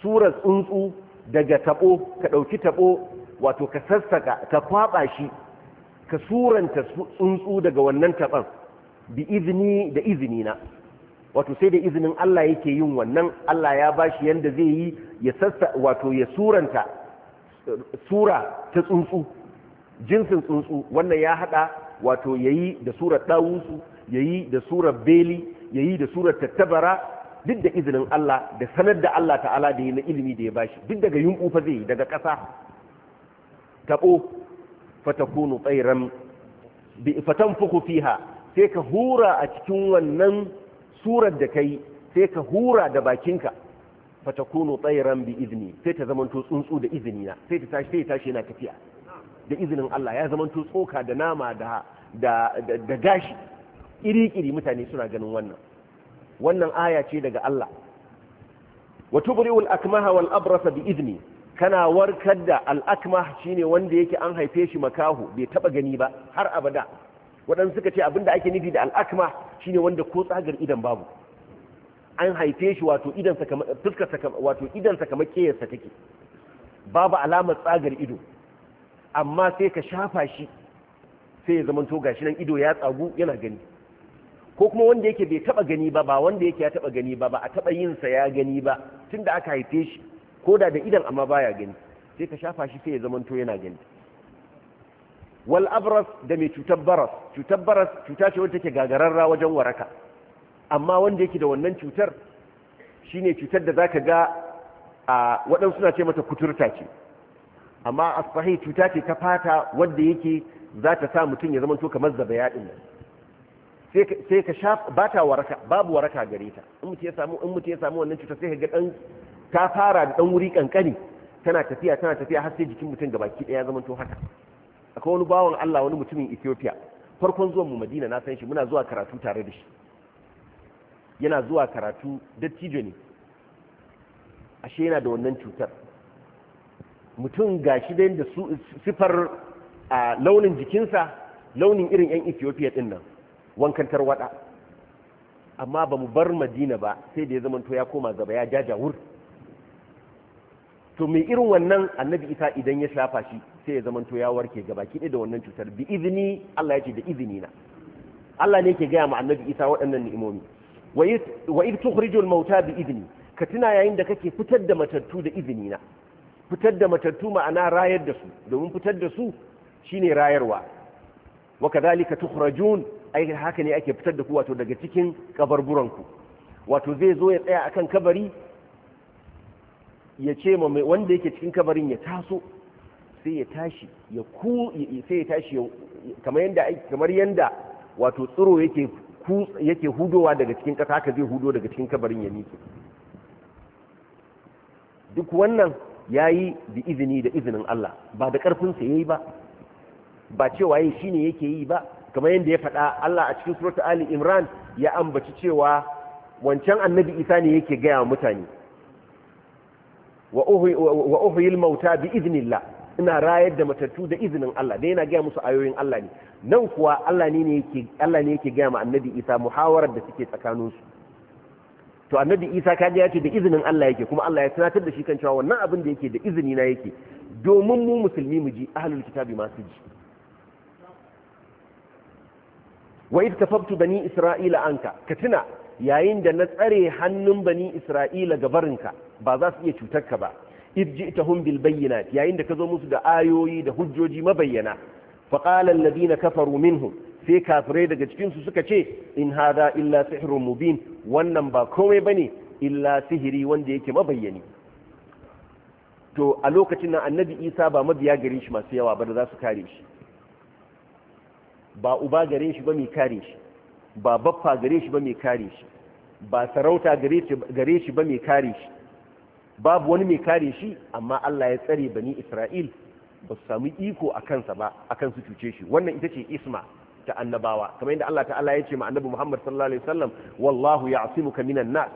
surar tsuntsu daga tabo ka ɗauki tabo wato ka sassaka ka kwaɓa shi ka suranta tsuntsu daga wannan taɓar. bi izini da na. wato sai da izinin Allah yake yin wannan Allah ya bashi yanda zai yi ya sassa wato ya suranta sura ta tsuntsu jinsin tsuntsu wannan ya haɗa wato yayi da surar ya yayi da surar beli yayi da surar tattabara duk da izinin Allah da sanar da Allah ta'ala da yi na ilimi da ya bashi duk daga yunkufa zai yi daga ƙasa taɓo fatakunu tsairan fuku fiha sai ka hura a cikin wannan surar da kai sai ka hura da bakinka fatakunu tsairan bi izini sai ta zamanto tsuntsu da izini na sai ta tashi tashi yana tafiya da izinin Allah ya zamanto tsoka da nama da da gashi iri-iri mutane suna ganin wannan wannan aya ce daga Allah wa tubri'ul akmaha wal abrasa bi izini kana warkar da al'akma shine wanda yake an haife shi makahu bai taba gani ba har abada waɗanda suka ce abinda ake nufi da al'akma shine wanda ko tsagar idan babu an haife shi wato idan wato idan take babu alamar tsagar ido amma sai ka shafa shi sai ya to gashi nan ido ya tsagu yana gani ko kuma wanda yake bai taba gani ba ba wanda yake ya taba gani ba ba a taba yin sa ya gani ba tunda aka haife shi ko da da idan amma baya gani sai ka shafa shi sai ya zamanto yana gani wal abras da mai cutar baras cutar baras cuta ce wadda take gagararra wajen waraka amma wanda yake da wannan cutar shine cutar da zaka ga a waɗansu suna ce mata kuturta ce amma asfahi cuta ce ta fata wanda yake za ta sa mutum ya zamanto kamar zabaya din nan sai ka shafa ba ta waraka babu waraka gare ta in mutum ya samu in mutum ya samu wannan cuta sai ka ga dan ta fara da ɗan wuri ƙanƙani tana tafiya tana tafiya har sai jikin mutum gabaki ɗaya zama to haka akwai wani bawan Allah wani mutumin Ethiopia farkon zuwan mu Madina na san shi muna zuwa karatu tare da shi yana zuwa karatu dattijo ne ashe yana da wannan cutar mutum ga shi da sifar a launin jikinsa launin irin 'yan ethiopia din nan wankantar wada amma ba mu bar madina ba sai da ya zamanto ya koma gaba ya jajawur to mai irin wannan annabi isa idan ya shafa shi sai ya zama to ya warke gaba kiɗe da wannan cutar bi izini Allah ya ce da izini na Allah ne ke gaya ma annabi isa waɗannan ni'imomi wa id tukhrijul mauta bi izini ka tuna yayin da kake fitar da matattu da izini na fitar da matattu ma'ana rayar da su domin fitar da su shine rayarwa wa kadhalika tukhrajun ai haka ne ake fitar da ku wato daga cikin kabarburanku wato zai zo ya tsaya akan kabari ya ce ma mai wanda yake cikin kabarin ya taso sai ya tashi ya ku sai ya tashi kamar yanda kamar yanda wato tsiro yake yake hudowa daga cikin ƙasa haka zai hudo daga cikin kabarin ya miki duk wannan ya yi da izini da izinin Allah ba da ƙarfinsa ya yi ba ba cewa yi shi ne yake yi ba kamar yadda ya faɗa Allah a cikin surat Ali Imran ya ambaci cewa wancan annabi Isa ne yake gaya wa mutane wa yi mauta bi iznillah ina rayar da matattu da izinin Allah da yana gaya musu ayoyin Allah ne nan kuwa Allah ne yake Allah gaya ma annabi Isa muhawarar da suke tsakanin su to annabi Isa ka ya ce da izinin Allah yake kuma Allah ya tunatar da shi kan cewa wannan abin da yake da izini na yake domin mu musulmi mu ji ahlul kitabi masu ji wa id kafabtu bani isra'ila anka ka tuna yayin da na tsare hannun bani isra'ila ga barinka ba za su iya cutar ka ba irji'tahum bil bayyinat yayin da ka zo musu da ayoyi da hujjoji mabayyana fa qala alladhina kafaru minhu, sai kafirai daga cikin su suka ce in hada illa sihrun mubin wannan ba komai ne, illa sihiri wanda yake mabayyani to a lokacin nan annabi isa ba mabiya gare shi masu yawa ba da za su kare shi ba uba gare shi ba mai kare shi ba baffa gare shi ba mai kare shi ba sarauta gare shi ba mai kare shi babu wani mai kare shi amma Allah ya tsare bani Isra'il ba su samu iko a kansa ba akan su cuce shi wannan ita ce isma ta annabawa kamar yadda Allah ta'ala ya ce ma annabi Muhammad sallallahu alaihi wasallam wallahu ya'simuka minan nas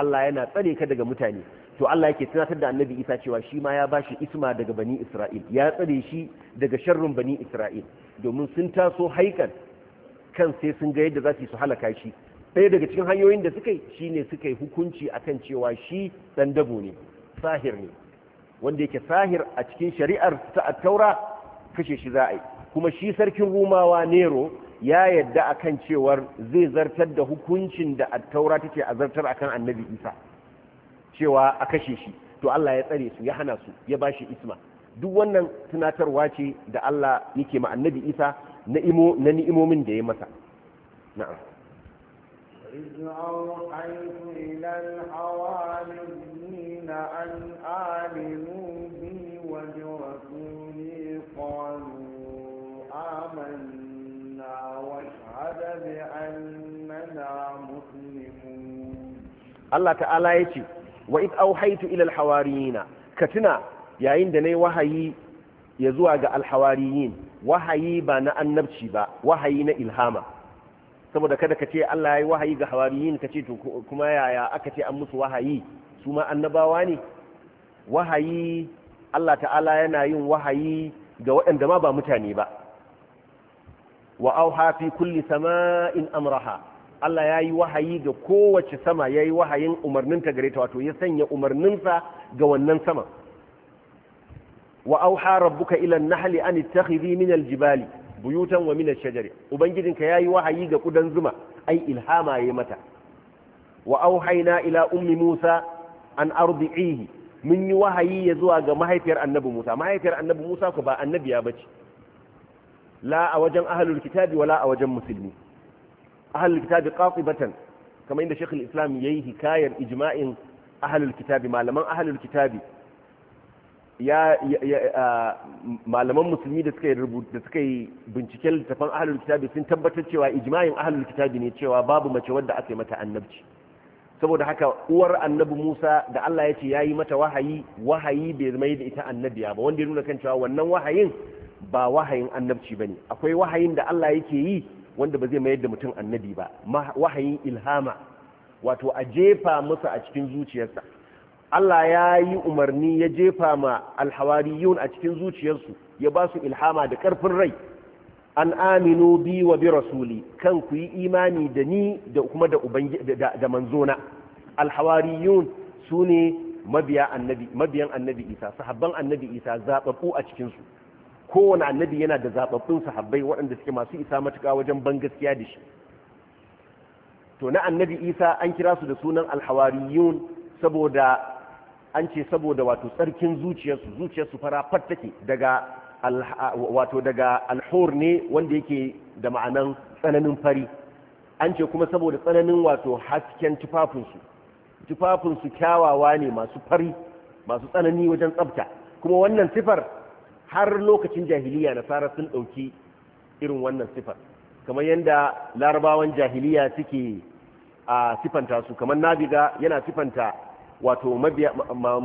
Allah yana tsare ka daga mutane to Allah yake tunatar da annabi Isa cewa shi ma ya bashi isma daga bani Isra'il ya tsare shi daga sharrin bani Isra'il domin sun taso haikan kan sai sun ga yadda za su halaka shi ɗaya daga cikin hanyoyin da suka yi shine suka yi hukunci kan cewa shi dan dabo ne sahir ne wanda yake sahir a cikin shari'ar ta attaura kashe shi za yi kuma shi sarkin rumawa nero ya yadda a kan cewar zai zartar da hukuncin da attaura take a zartar akan annabi isa cewa a kashe shi to allah ya tsare su ya hana su ya ba shi isma duk wannan tunatarwa ce da allah yake ma annabi isa na ni'imomin da ya masa na'am Idan an amina, Ta'ala ya ce "Wa ikau Haitu ilin alhawari na" Katina yayin da na yi wahayi ya zuwa ga alhawari wahayi ba na annabci ba, wahayi na ilhama. saboda kada ka ce Allah ya yi wahayi ga hawariyin ka ce to kuma yaya aka ce an musu wahayi su ma annabawa ne wahayi Allah ta'ala yana yin wahayi ga waɗanda ma ba mutane ba wa auha fi kulli sama'in amraha Allah ya yi wahayi ga kowace sama ya yi wahayin umarninta gare ta wato ya sanya umarninsa ga wannan sama wa auha rabbuka ila nahli an tattakhidhi min aljibali buyutan wa min shajari ubangijinka yayi wahayi ga kudan zuma ai ilhama yayi mata wa auhayna ila ummi musa an ardi'ihi mun yi wahayi ya zuwa ga mahaifiyar annabi musa mahaifiyar annabi musa ku ba annabiya bace la a wajen ahlul kitabi wala a wajen musulmi ahlul kitabi qatibatan kamar inda shekul islam yayi hikayar ijma'in ahlul kitabi malaman ahlul kitabi ya malaman musulmi da suka da suka yi binciken littafan ahlul kitabi sun tabbatar cewa ijma'in ahlul kitabi ne cewa babu mace wadda aka yi mata annabci saboda haka uwar annabi Musa da Allah ya ce yayi mata wahayi wahayi bai mai da ita annabiya ba wanda ya nuna kan cewa wannan wahayin ba wahayin annabci bane akwai wahayin da Allah yake yi wanda ba zai mayar da mutum annabi ba wahayin ilhama wato a jefa masa a cikin zuciyarsa Allah ya yi umarni ya jefa ma alhawariyun a cikin zuciyarsu ya ba su ilhama da ƙarfin rai an aminu bi wa bi rasuli kan ku yi imani da ni da kuma da da manzona alhawariyun su ne mabiya annabi mabiyan annabi isa sahabban annabi isa zababbu a cikin su kowane annabi yana da zababbun sahabbai waɗanda suke masu isa matuƙa wajen ban gaskiya da shi to na annabi isa an kira su da sunan alhawariyun saboda an ce saboda wato tsarkin zuciyarsu zuciyarsu fara fattake daga wato daga alhor ne wanda yake da ma'anan tsananin fari an ce kuma saboda tsananin wato hasken tufafinsu tufafinsu kyawawa ne masu fari masu tsanani wajen tsabta kuma wannan sifar har lokacin jahiliya nasara sun ɗauki irin wannan sifar kamar yadda larabawan jahiliya suke a sifanta su kamar nabiga yana sifanta wato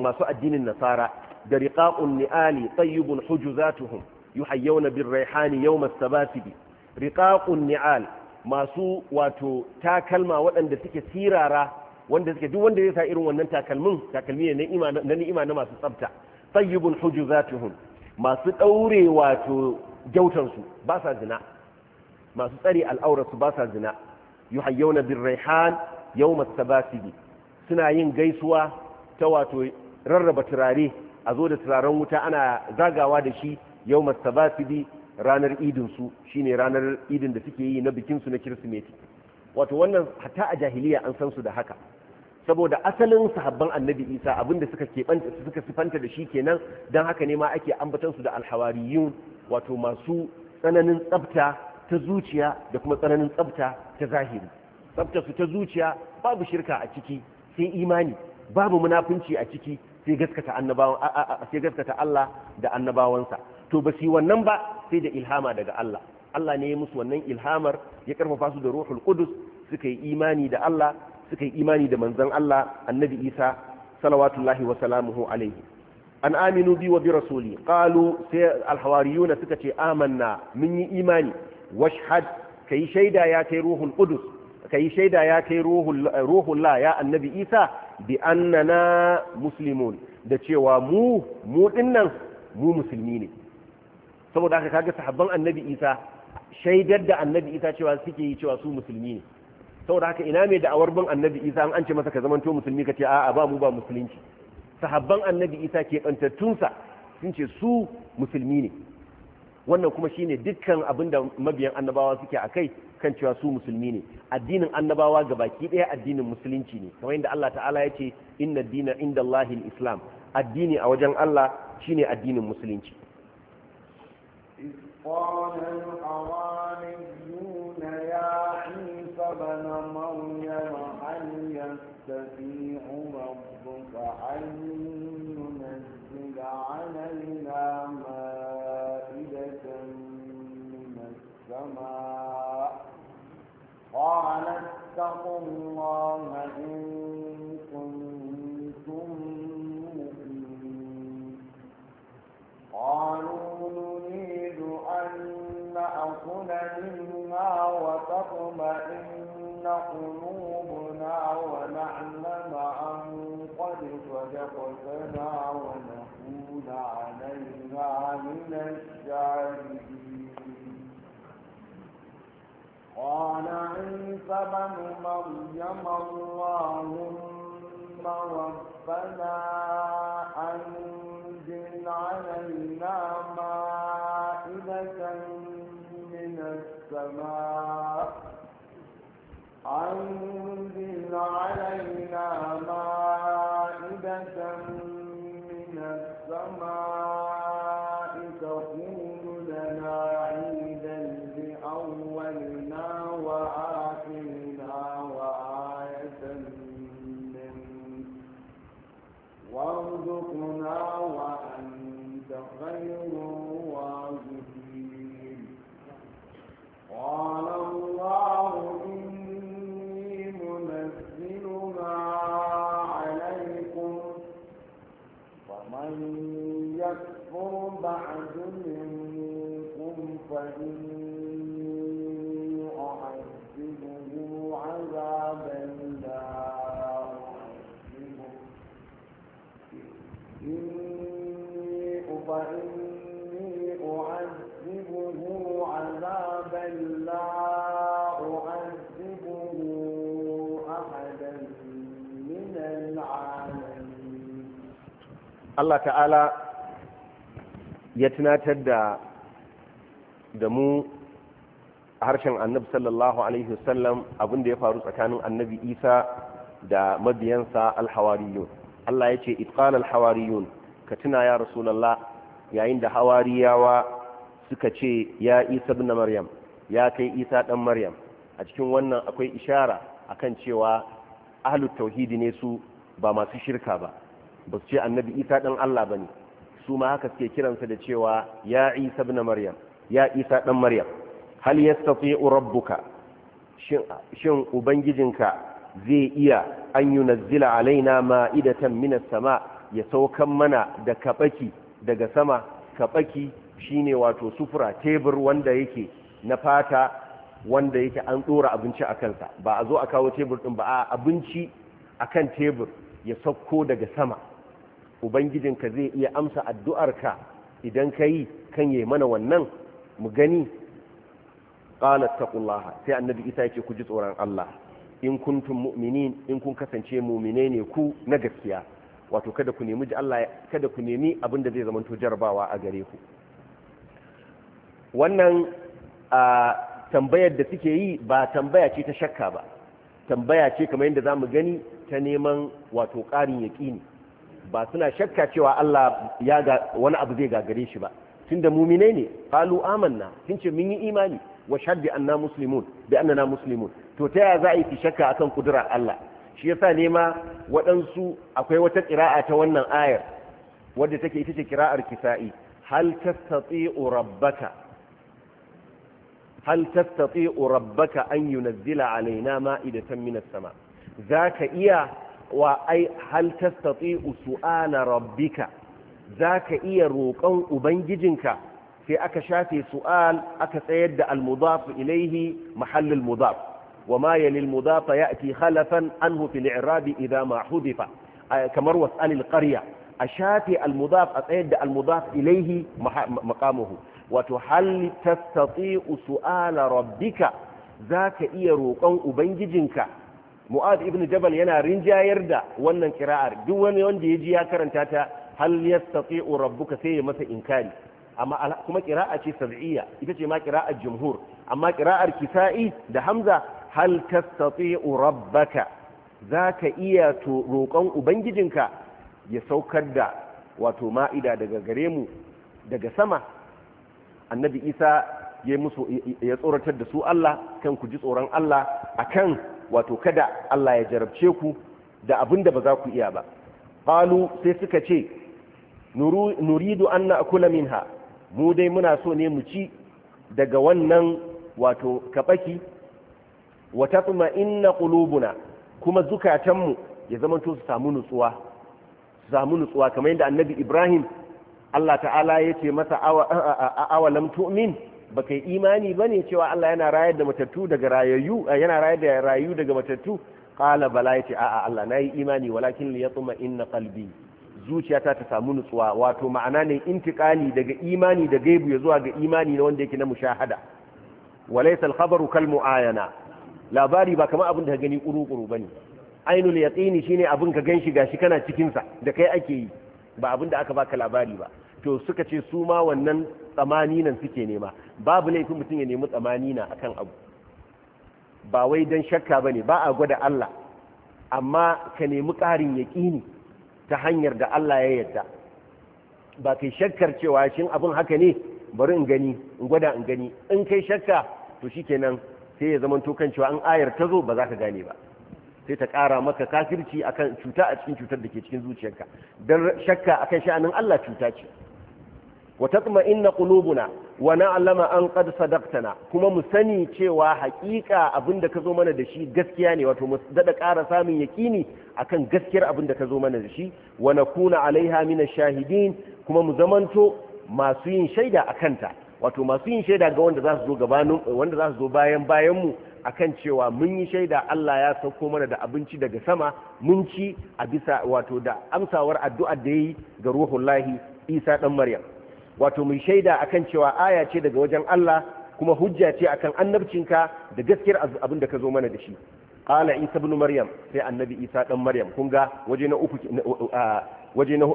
masu addinin nasara da riqaqun ni'ali tayyibun hujuzatuhum yuhayyawna birrayhani yawm as-sabatibi riqaqun ni'al masu wato takalma waɗanda suke sirara wanda suke duk wanda zai sa irin wannan takalmin takalmi ne na ni'ima na masu tsafta tayyibun hujuzatuhum masu daure wato jautansu ba sa zina masu tsare al'aurarsu ba sa zina yuhayyawna birrayhan yawm as-sabatibi suna yin gaisuwa ta wato rarraba turare a zo da turaren wuta ana zagawa da shi yau bi ranar idinsu ne ranar idin da suke yi na bikinsu na kirsimeti wato wannan hata a jahiliya an san su da haka saboda asalin sahabban annabi isa abinda suka keɓanta sifanta da shi kenan don haka ne ma ake ambatan su da alhawariyun wato masu tsananin tsafta ta zuciya da kuma tsananin tsafta ta zahiri tsafta su ta zuciya babu shirka a ciki sai imani babu munafunci a ciki sai gaskata annabawan sai gaskata Allah da annabawansa to ba su wannan ba sai da ilhama daga Allah Allah ne ya musu wannan ilhamar ya karfafa su da ruhul qudus suka yi imani da Allah suka yi imani da manzon Allah annabi Isa salawatullahi wa salamuhu alaihi an aminu bi wa bi rasuli qalu sai alhawariyuna suka ce amanna mun yi imani washhad kai shaida ya kai ruhul qudus ka yi shaida ya kai ruhullah ya annabi isa bi annana muslimun da cewa mu mu dinnan mu musulmi ne saboda haka kaga sahabban annabi isa shaidar da annabi isa cewa suke yi cewa su musulmi ne saboda haka ina mai da'awar bin annabi isa an ance masa ka to musulmi ka ce a'a ba mu ba musulunci sahabban annabi isa ke kantattunsa sun ce su musulmi ne wannan kuma shine dukkan abin da mabiyan annabawa suke a kai kan cewa su musulmi ne addinin annabawa ga baki ɗaya addinin musulunci ne kamar inda Allah ta'ala ya ce inna dina inda Allahil islam addini a wajen Allah shine addinin musulunci قال قال اتقوا الله إن كنتم مؤمنين قالوا نريد أن نأكل منها وتطمئن قلوبنا ونعلم أن قد صدقتنا ونكون عليها من الشاهدين قال عيسى بن مريم اللهم ربنا أنزل علينا مائدة من السماء أنزل علينا مائدة من السماء Allah ta'ala ya tunatar da da mu harshen annabi sallallahu alaihi wasallam abin da ya faru tsakanin annabi isa da mabiyansa alhawariyun Allah ya ce itqal alhawariyun ka tuna ya rasulullah yayin da hawariyawa suka ce ya isa ibn maryam ya kai isa dan maryam a cikin wannan akwai ishara akan cewa ahlut tauhidi ne su ba masu shirka ba ba ce annabi isa ɗan allah ba ne su ma haka suke kiransa da cewa ya isa bin maryam ya isa ɗan maryam hal yastati'u rabbuka shin ubangijinka zai iya an yi nazila alaina ma'idatan minas sama ya saukan mana da kaɓaki daga sama kabaki shine wato sufura tebur wanda yake na fata wanda yake an tsora abinci a kansa ba a zo a kawo tebur din ba a abinci a kan tebur ya sauko daga sama Ubangijin ka zai iya amsa addu'arka idan ka yi kan yi mana wannan mu gani qalat taqullaha sai annabi isa yake ku ji tsoron Allah in kuntum mu'minin in kun kasance mu'mine ne ku na gaskiya wato kada ku nemi Allah kada ku nemi abin da zai zama to jarabawa a gare ku wannan tambayar da suke yi ba tambaya ce ta shakka ba tambaya ce kamar yadda mu gani ta neman wato ƙarin yaƙini ba suna shakka cewa Allah ya ga wani abu zai gagare shi ba tunda muminai ne qalu amanna sun ce mun yi imani wa shahadu anna muslimun bi annana muslimun to ta ya za a yi shakka akan kudura Allah shi yasa ne ma waɗansu akwai wata ƙira'a ta wannan ayar wadda take ita ce ƙira'ar kisa'i hal tastati'u rabbaka hal tastati'u rabbaka an yunazzila alaina ma'idatan minas sama zaka iya وأي هل تستطيع سؤال ربك ذاك إيا روكو أبنججنك في أكشاتي سؤال أكسيد المضاف إليه محل المضاف وما يلي المضاف يأتي خلفا عنه في الإعراب إذا ما حذف آه، كمروة واسأل القرية أشافي المضاف أسيد المضاف إليه مقامه وتحل تستطيع سؤال ربك ذاك إيا روكو أبنججنك mu'ad ibn jabal yana rinjayar da wannan kira'ar duk wani wanda ya ji ya karanta ta hal yastati'u rabbuka sai ya masa inkari amma kuma kira'a ce sab'iyya ita ce ma kira'ar jumhur amma kira'ar kisa'i da hamza hal tastati'u rabbaka zaka iya to roƙon ubangijinka ya saukar da wato ma'ida daga gare mu daga sama annabi isa ya musu ya tsoratar da su Allah kan ku ji tsoron Allah akan wato kada Allah ya jarabce ku da abin da ba za ku iya ba qalu sai suka ce nuridu an na'kula minha mu dai muna so ne mu ci daga wannan wato kabaki wa tatma inna qulubuna kuma zukatanmu ya to su samu nutsuwa su samu nutsuwa kamar yadda annabi Ibrahim Allah ta'ala ya ce masa awalam tu'min ba kai imani ba ne cewa Allah yana rayar da matattu daga rayayyu eh, yana rayar da rayu daga matattu qala bala a a'a Allah nayi imani walakin li inna qalbi zuciyata ta samu nutsuwa wato ma'ana ne intikali daga imani da gaibu ya zuwa ga imani na wanda yake na mushahada walaysa al-khabaru kal mu'ayana labari ba kamar abin da ka gani kuru-kuru bane ainul yaqini shine abin ka ganshi gashi kana cikin sa da kai ake yi ba abin da aka baka labari ba to suka ce su ma wannan tsamaninan suke nema babu laifin mutum ya nemi tsamanina akan abu ba wai don shakka ba ne ba a gwada Allah amma ka nemi ƙarin yaƙini ta hanyar da Allah ya yarda ba kai shakkar cewa shin abin haka ne bari in gani in gwada in gani in kai shakka to shi shikenan sai ya zama tokan kan cewa an ayar ta zo ba za ka gane ba sai ta ƙara maka kafirci akan cuta a cikin cutar da ke cikin zuciyarka don shakka akan sha'anin Allah cuta ce wa tatma'inna qulubuna wa na'lama an qad sadaqtana kuma mu sani cewa haƙiƙa abinda ka zo mana da shi gaskiya ne wato mu ƙara samun yaƙini akan gaskiyar abinda ka zo mana da shi wa nakuna alaiha min shahidin kuma mu zamanto masu yin shaida akan ta wato masu yin shaida ga wanda za su zo gabanin wanda za su zo bayan bayan mu akan cewa mun yi shaida Allah ya sauko mana da abinci daga sama mun ci a bisa wato da amsawar addu'a da yi ga ruhullahi Isa dan Maryam wato mai shaida akan cewa aya ce daga wajen Allah kuma hujja ce akan annabcinka da gaskiyar abin da ka zo mana da shi qala isa ibn maryam sai annabi isa dan maryam kun ga waje na uku uh, uh, uh, waje na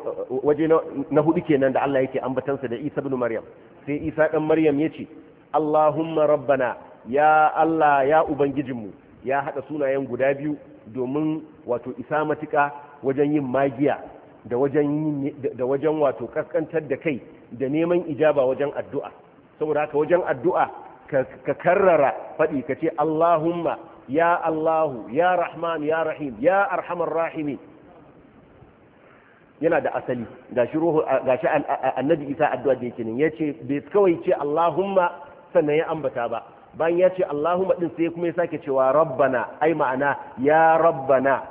waje na hudu kenan da Allah yake ambatansa da isa ibn maryam sai isa dan maryam yace allahumma rabbana ya Allah ya ubangijinmu ya hada sunayen guda biyu domin wato isa matuka wajen yin magiya da wajen da wajen wato kaskantar da kai da neman ijaba wajen addu'a saboda haka wajen addu'a ka karrara faɗi ka ce Allahumma ya Allahu ya Rahman ya Rahim ya Arhamar Rahimi yana da asali gashi ruhu annabi Isa addu'a da yake nan ce bai kawai ce Allahumma sannan ya ambata ba bayan ya ce Allahumma ɗin sai kuma ya sake cewa rabbana ai ma'ana ya rabbana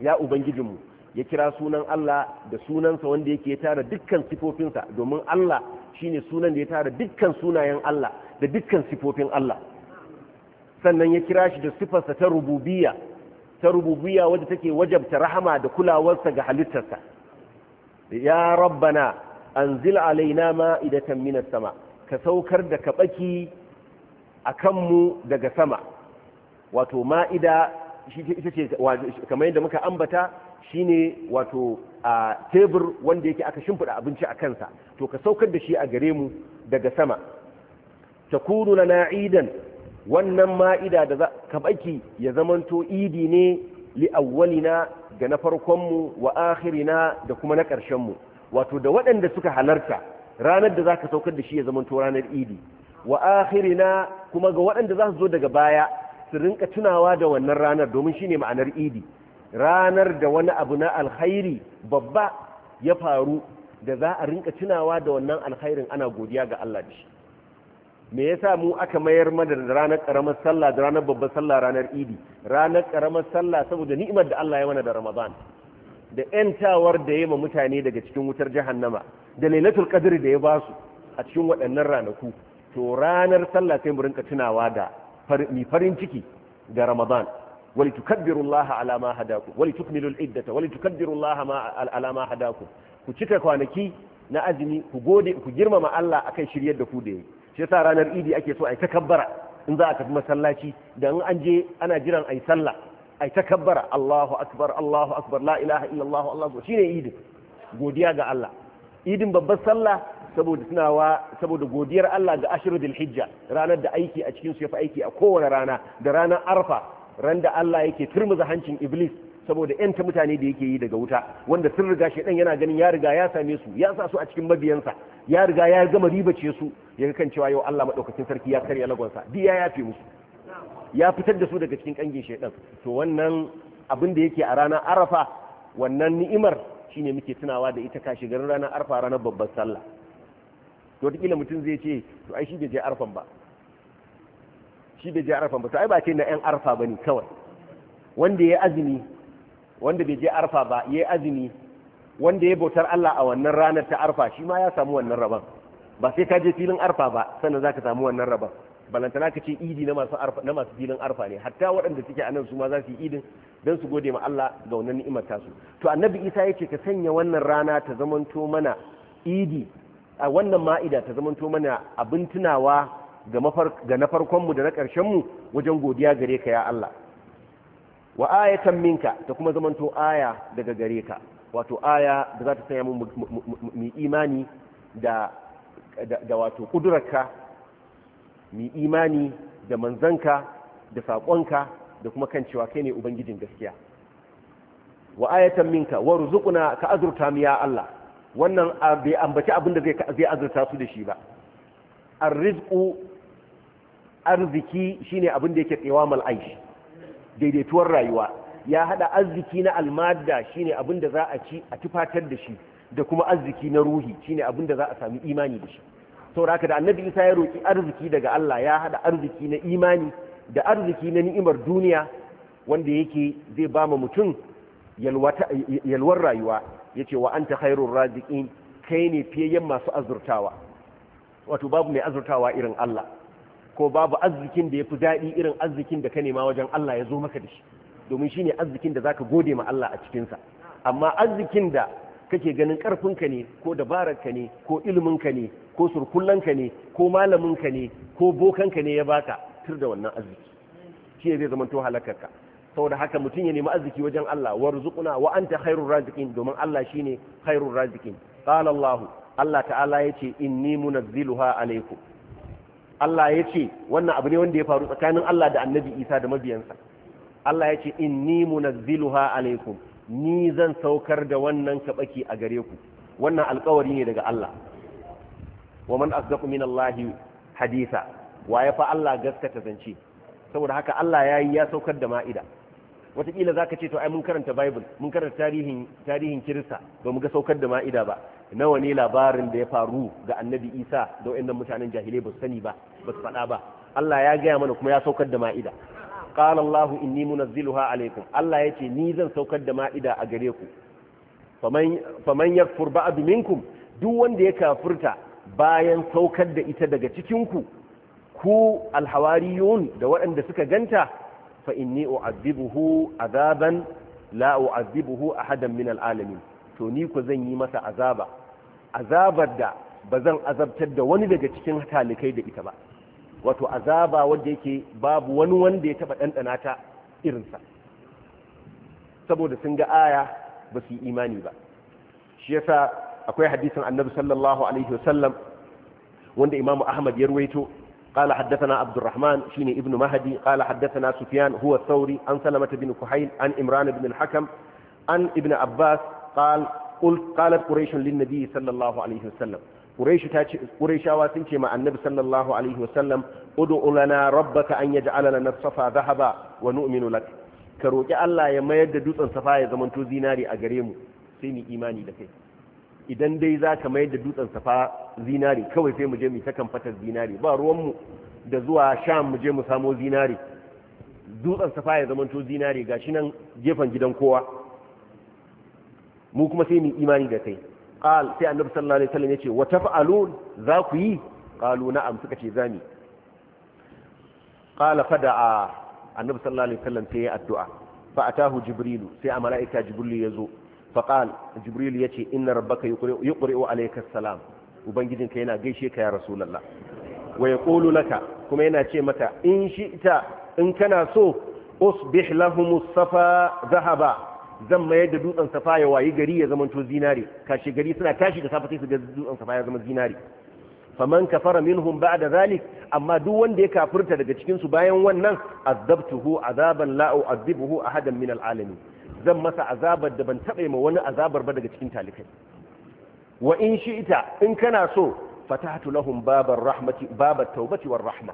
ya ubangijinmu ya kira sunan Allah da sunansa wanda yake tara dukkan sifofinsa domin Allah shine sunan da ya tara dukkan sunayen Allah da dukkan sifofin Allah sannan ya kira shi da sifarsa ta rububiyya ta rububiyya wadda take wajabta rahama da kulawarsa ga halittarsa ya rabbana anzil alaina idatan minas sama ka saukar da kabaki akan mu daga sama wato ma'ida ita ce kamar yadda muka ambata shine wato a tebur wanda yake aka shimfiɗa abinci a kansa to ka saukar da shi a gare mu daga sama ta kuru na na'idan wannan ma'ida da ka baki ya zamanto idi ne li ga na farkon mu wa akhirina da kuma na ƙarshen mu wato da waɗanda suka halarta ranar da za ka saukar da shi ya zamanto ranar idi wa akhirina kuma ga waɗanda za su zo daga baya su rinka tunawa da wannan ranar domin shine ma'anar idi ranar da wani abu na alkhairi babba ya faru da za a rinka tunawa da wannan alkhairin ana godiya ga Allah da shi me yasa mu aka mayar mana da ranar karamar sallah da ranar babbar sallah ranar idi ranar karamar sallah saboda ni'imar da Allah ya mana da Ramadan da ‘yantawar da ya ma mutane daga cikin wutar jahannama da lailatul qadr da ya basu a cikin waɗannan ranaku to ranar sallah sai mu rinka tunawa da mi farin ciki ga ramadan wali tukabbiru allaha ala ma hadakum wali tukmilu al-iddata wali tukabbiru allaha ma ala ma ku cika kwanaki na azumi ku gode ku girmama Allah akan shiryar da ku da yi shi yasa ranar idi ake so ai takabbara in za a tafi masallaci da in an je ana jiran ai sallah ai takabbara Allahu akbar Allahu akbar la ilaha illallah Allah shine idi godiya ga Allah idin babbar sallah saboda tunawa saboda godiyar Allah ga ashiru hijja ranar da aiki a cikin su ya fi aiki a kowane rana da ranar arfa ran da Allah yake turmuza hancin iblis saboda 'yan ta mutane da yake yi daga wuta wanda sun riga shedan yana ganin ya riga ya same su ya sa su a cikin mabiyansa ya riga ya gama ribace su ya kan cewa yau Allah madaukakin sarki ya karya lagonsa bi ya yafe musu ya fitar da su daga cikin kangin shaydan to wannan abin da yake a ranar arafa wannan ni'imar shine muke tunawa da ita kashi garin ranar arfa ranar babbar sallah to kila mutum zai ce to ai shi bai je arfan ba shi bai je arfan ba to ai ba ce na yan arfa ba ne kawai wanda ya azumi wanda bai je arfa ba ya azumi wanda ya bautar Allah a wannan ranar ta arfa shi ma ya samu wannan rabon ba sai ka je filin arfa ba sannan zaka samu wannan rabon balantana ka ce idi na masu filin arfa ne hatta waɗanda suke a nan su ma za su yi idin don su gode ma Allah ga wannan ni'imar tasu to annabi isa ya ce ka sanya wannan rana ta zamanto mana idi a wannan ma'ida ta zamanto mana abin tunawa ga na farkonmu da na ƙarshenmu wajen godiya gare ka ya Allah wa ayatan minka ta kuma zamanto aya daga gare ka wato aya da za ta sanya mu imani da da wato kudurarka mi imani da manzanka da saƙonka da kuma kan cewa kai ne ubangijin gaskiya wa ayatan minka warzuqna ka azurta mu ya Allah wannan bai ambaci abin da zai azurta su da shi ba arrizku arziki shine abin da yake tsewa mal'aish daidaituwar rayuwa ya haɗa arziki na almada shine abin da za a ci a tufatar da shi da kuma arziki na ruhi shine abin da za a sami imani da shi sauraka da annabi isa ya roƙi arziki daga allah ya haɗa arziki na imani da arziki na ni'imar duniya wanda yake zai ba mutum yalwar rayuwa Ya ce wa anta khairur raziqin kai ne fiyayyen masu azurtawa wato babu mai azurtawa irin Allah ko babu arzikin da ya fi daɗi irin arzikin da ka nema wajen Allah ya zo maka da shi domin shine arzikin da zaka gode ma Allah a cikin sa amma arzikin da kake ganin karfin ka ne ko dabararka ne ko iliminka ne ko surkullanka ne ko malaminka ne ko bokanka ne ya baka tur da wannan arziki shi zai zama to halakarka saboda haka mutum ya nemi arziki wajen Allah ruzuquna wa anta khairur raziqin domin Allah shine khairur raziqin qala Allah Allah ta'ala yace inni munazziluha alaykum Allah yace wannan abu ne wanda ya faru tsakanin Allah da Annabi Isa da mabiyansa Allah yace inni munazziluha alaykum ni zan saukar da wannan kabaki a gare ku wannan alƙawari ne daga Allah wa man asdaqu min Allah haditha wa ya fa Allah gaskata zance saboda haka Allah yayi ya saukar da ma'ida wataƙila za ka ce to ai mun karanta bible mun karanta tarihin tarihin kirista ba mu ga saukar da ma'ida ba nawa ne labarin da ya faru ga annabi isa da wa'annan mutanen jahilai ba su sani ba ba su faɗa ba allah ya gaya mana kuma ya saukar da ma'ida qala allah inni munazziluha alaikum allah ya ce ni zan saukar da ma'ida a gare ku faman faman yakfur ba'd minkum duk wanda ya kafirta bayan saukar da ita daga cikin ku ku alhawariyun da waɗanda suka ganta fa inni azaban la u'adhibuhu ahadan min al'alamin to ni ku zan yi masa azaba azabar da ba zan azabtar da wani daga cikin talikai da ita ba wato azaba wanda yake babu wani wanda ya taba ɗanɗana ta irinsa saboda sun ga aya ba su yi imani ba shi yasa akwai hadisin annabi sallallahu alaihi wasallam wanda imamu ahmad ya ruwaito قال حدثنا عبد الرحمن شيني ابن مهدي قال حدثنا سفيان هو الثوري عن سلمة بن كحيل عن إمران بن الحكم عن ابن عباس قال قلت قالت قريش للنبي صلى الله عليه وسلم قريش قريش واسنتي مع النبي صلى الله عليه وسلم ادع لنا ربك أن يجعل لنا الصفا ذهبا ونؤمن لك كروك الله يما يد دوتن صفا يا تو زيناري أجريمو سيني إيماني لكي idan dai za ka mayar da dutsen safa zinari kawai sai mu je mu ta fatar zinari ba ruwanmu da zuwa sham mu je mu samo zinari dutsen safa ya zamanto zinari gashi nan gefen gidan kowa mu kuma sai mu imani da kai qal sai annabi sallallahu alaihi wasallam yace wa taf'alun za ku yi qalu na'am suka ce zami qala fada'a annabi sallallahu alaihi wasallam sai ya addu'a fa atahu jibrilu sai a mala'ika jibrilu yazo faqal jibril ce inna rabbaka yuqri'u alayka salam ubangijinka yana gaishe ka ya rasulullah waya yaqulu laka kuma yana ce mata in shi'ta in kana so usbih lahum safa Zahaba zan mayar da dutsen safa ya wayi gari ya zamanto zinari kashe gari suna tashi da safa sai su ga dutsen safa ya zama zinari faman kafara minhum ba'da zalik amma duk wanda ya kafirta daga cikin su bayan wannan azabtuhu azaban la'u u'azibuhu ahadan min al'alamin zan masa azabar da ban taɓa ma wani azabar ba daga cikin talikai wa in shi'ita in kana so fatahatu lahum babar rahmati babar taubati war rahma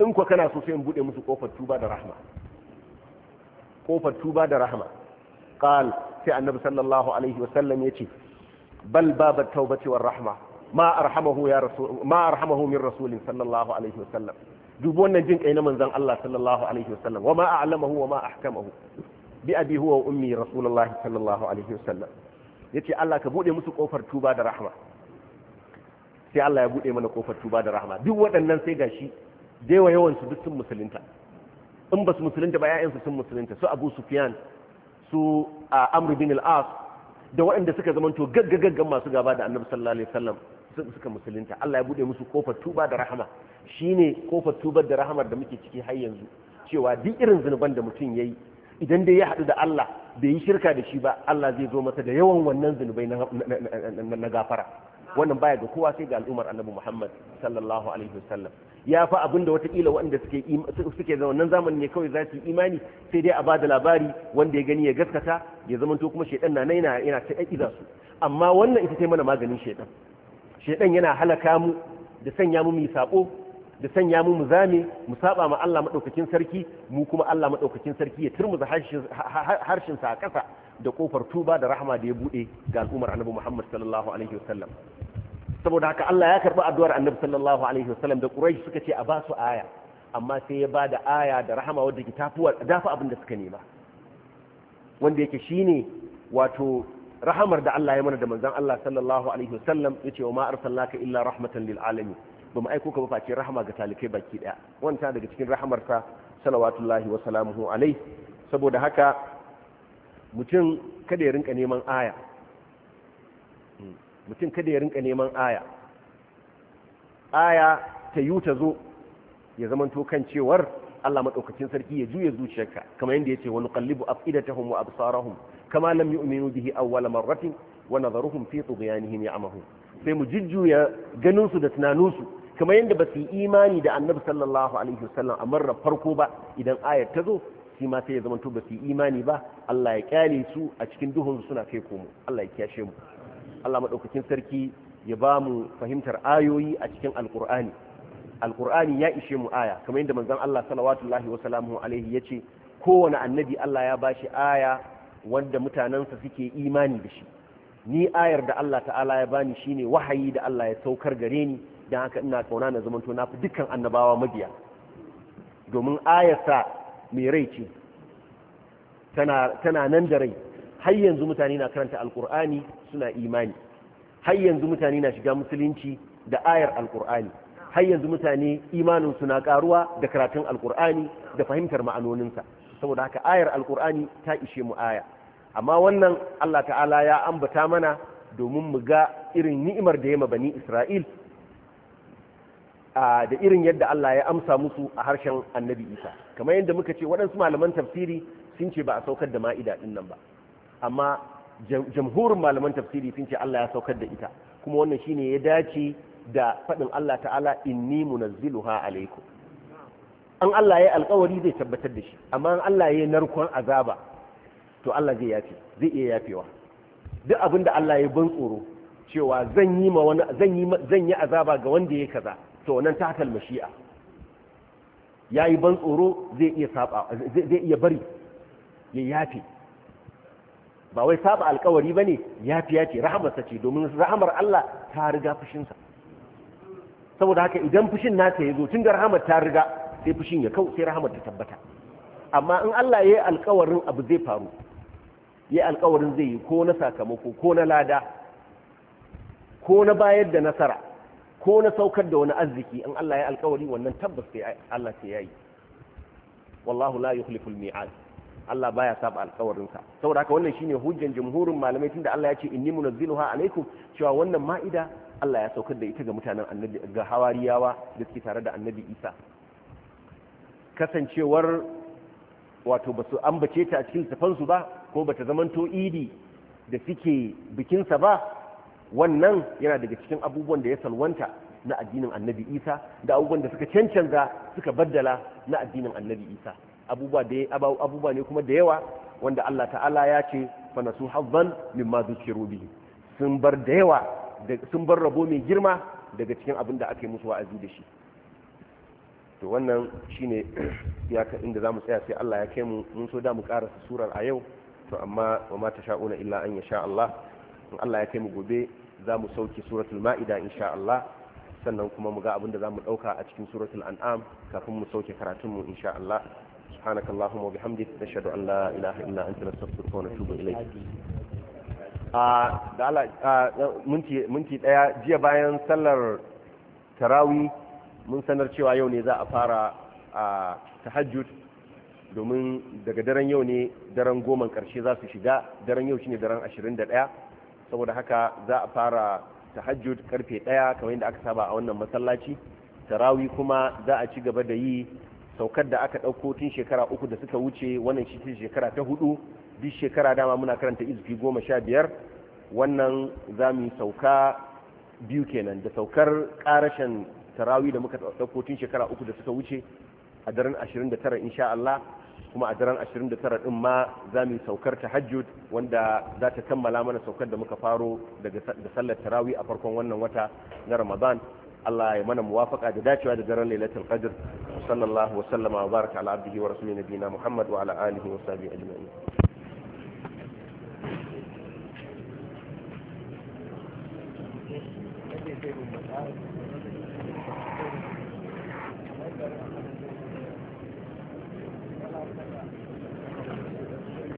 in ko kana so sai in bude musu kofar tuba da rahma kofar tuba da rahma qal sai annabi sallallahu alaihi wasallam yace bal babar taubati war rahma ma arhamahu ya rasul ma arhamahu min rasulin sallallahu alaihi wasallam dubu wannan jin kai na manzon Allah sallallahu alaihi wasallam wa ma a'lamahu wa ma ahkamahu bi abi huwa ummi rasulullahi sallallahu alaihi wasallam yace Allah ka bude musu kofar tuba da rahma sai Allah ya bude mana kofar tuba da rahma duk waɗannan sai gashi yawa yawan su duk sun musulunta in ba su musulunta ba ƴaƴansu sun musulunta su Abu Sufyan su Amr bin al-As da waɗanda suka zamanto gaggagaggan masu gaba da Annabi sallallahu alaihi wasallam suka musulunta Allah ya bude musu kofar tuba da rahama shine kofar tubar da rahmar da muke ciki har yanzu cewa duk irin zunuban da mutum yayi idan dai ya haɗu da Allah bai yi shirka da shi ba Allah zai zo masa da yawan wannan zunubai na gafara wannan baya ga kowa sai ga al'ummar annabi Muhammad sallallahu alaihi wasallam ya fa abinda da watakila waɗanda suke suke da wannan zamani ne kawai za su yi imani sai dai a ba da labari wanda ya gani ya gaskata ya zamanto kuma shedan na yana yana ta ɗaƙiza su amma wannan ita ce mana maganin shedan shedan yana halaka mu da sanya mu mu sako da sanya mu mu zame mu saba ma Allah madaukakin sarki mu kuma Allah madaukakin sarki ya turmuza harshen sa a kasa da kofar tuba da rahama da ya bude ga al'ummar Annabi Muhammad sallallahu alaihi wasallam saboda haka Allah ya karba addu'ar Annabi sallallahu alaihi wasallam da Quraysh suka ce a ba su aya amma sai ya ba da aya da rahama wadda ke tafuwa dafa abin da suka nema wanda yake shine wato rahamar da Allah ya mana da manzon Allah sallallahu alaihi wasallam yace wa ma arsalnaka illa rahmatan lil alamin ba aiko ka ba face rahama ga talikai baki daya wanta daga cikin rahamarsa salawatullahi wa salamuhu alai saboda haka mutum kada ya rinka neman aya mutum kada ya rinka neman aya aya ta yi ta zo ya zamanto kan cewar Allah madaukakin sarki ya juya zuciyarka kamar yadda yace wani nuqallibu afidatahum wa absarahum kama lam yu'minu bihi awwala marratin wa nadharuhum fi tughyanihim ya'mahu sai mu jujjuya ganin su da tunanin su kamar yadda ba su yi imani da annabi sallallahu alaihi wasallam a marar farko ba idan ayar ta zo shi ma sai ya zama to ba su yi imani ba Allah ya kyale su a cikin duhun suna kai komo Allah ya kyashe mu Allah madaukakin sarki ya ba mu fahimtar ayoyi a cikin alqur'ani alqur'ani ya ishe mu aya kamar yadda manzon Allah sallallahu alaihi sallamu alaihi yace kowane annabi Allah ya bashi aya wanda mutanansa suke imani da shi ni ayar da Allah ta'ala ya bani shine wahayi da Allah ya saukar gare ni don haka ina kauna na zamanto na fi dukkan annabawa mabiya domin ayasa mai rai ce tana nan da rai har yanzu mutane na karanta alkur'ani suna imani har yanzu mutane na shiga musulunci da ayar alkur'ani har yanzu mutane imanin suna karuwa da karatun alkur'ani da fahimtar ma'anoninsa saboda haka ayar alkur'ani ta ishe mu aya amma wannan Allah ta'ala ya ambata mana domin mu ga irin ni'imar da ya ma bani Isra'il da irin yadda Allah ya amsa musu a harshen annabi isa kamar yadda muka ce waɗansu malaman tafsiri sun ce ba a saukar da ma'ida ɗin nan ba amma jamhurin malaman tafsiri sun ce Allah ya saukar da ita kuma wannan shine ya dace da faɗin Allah ta'ala inni munazziluha alaikum an Allah ya alƙawari zai tabbatar da shi amma an Allah ya narkon azaba to Allah zai yafe zai iya yafewa duk abinda Allah ya ban tsoro cewa zan yi ma wani zan yi azaba ga wanda ya kaza to nan ta shi'a mashi'a yayi ban tsoro zai iya bari ya yafi ba wai saba alkawari bane yafi yafi rahamarsa ce domin rahamar Allah ta riga fushinsa saboda haka idan fushin nata yazo tun da rahamar ta riga sai fushin ya kau sai rahamar ta tabbata amma in Allah ya yi alkawarin abu zai faru yayi alkawarin zai yi ko na sakamako ko na lada ko na bayar da nasara ko na saukar da wani arziki in Allah ya alkawari wannan tabbas sai Allah sai yayi wallahu la yukhliful mi'ad Allah baya saba alkawarinsa saboda haka wannan shine hujjan jumhurin malamai tunda Allah ya ce inni munazziluha alaikum cewa wannan ma'ida Allah ya saukar da ita ga mutanen annabi ga hawariyawa da suke tare da annabi Isa kasancewar wato basu ambace ta a cikin safansu ba ko bata zamanto idi da suke bikinsa ba wannan yana daga cikin abubuwan da ya salwanta na addinin annabi isa da abubuwan da suka cancanza suka baddala na addinin annabi isa abubuwa ne kuma da yawa wanda allah ta'ala ya ce fana su mimma zukiru bihi sun bar da yawa sun bar rabo mai girma daga cikin abin da ake musu wa'azi da shi to wannan shine [clears throat] iyaka inda zamu tsaya sai Allah ya kai mu mun so da mu karasa surar a yau to amma wa ma tasha'una illa an yasha Allah in Allah ya kai mu gobe za mu sauke suratul ma'ida insha Allah sannan kuma mu ga abinda da za mu ɗauka a cikin suratul an'am kafin mu sauke karatunmu insha Allah سبحانك اللهم وبحمدك نشهد ان لا اله الا انت نستغفرك ونتوب اليك a da ala minti minti daya jiya bayan sallar tarawi mun sanar cewa yau ne za a fara a tahajjud domin daga daren yau ne daren goma karshe za su shiga daren yau shine daren 21 saboda haka za a fara tahajjud karfe ɗaya kamar yadda aka saba a wannan masallaci tarawi kuma za a ci gaba da yi saukar da aka ɗauko tun shekara uku da suka wuce wannan shi ce shekara ta hudu duk shekara dama muna karanta izufi goma sha biyar wannan za mu sauka biyu kenan da saukar karashen tarawi da muka ɗauko tun shekara uku da suka wuce a daren ashirin da tara insha Allah kuma a daren 29 din ma za mu saukar tahajjud wanda za ta kammala mana saukar da muka faro daga sallar tarawih a farkon wannan wata na Ramadan Allah ya mana muwafaka da dacewa da daren Lailatul Qadr sallallahu wa sallama wa baraka ala abdihi wa rasulih nabiyina Muhammad wa ala alihi wa sahbihi ajma'in Thank you.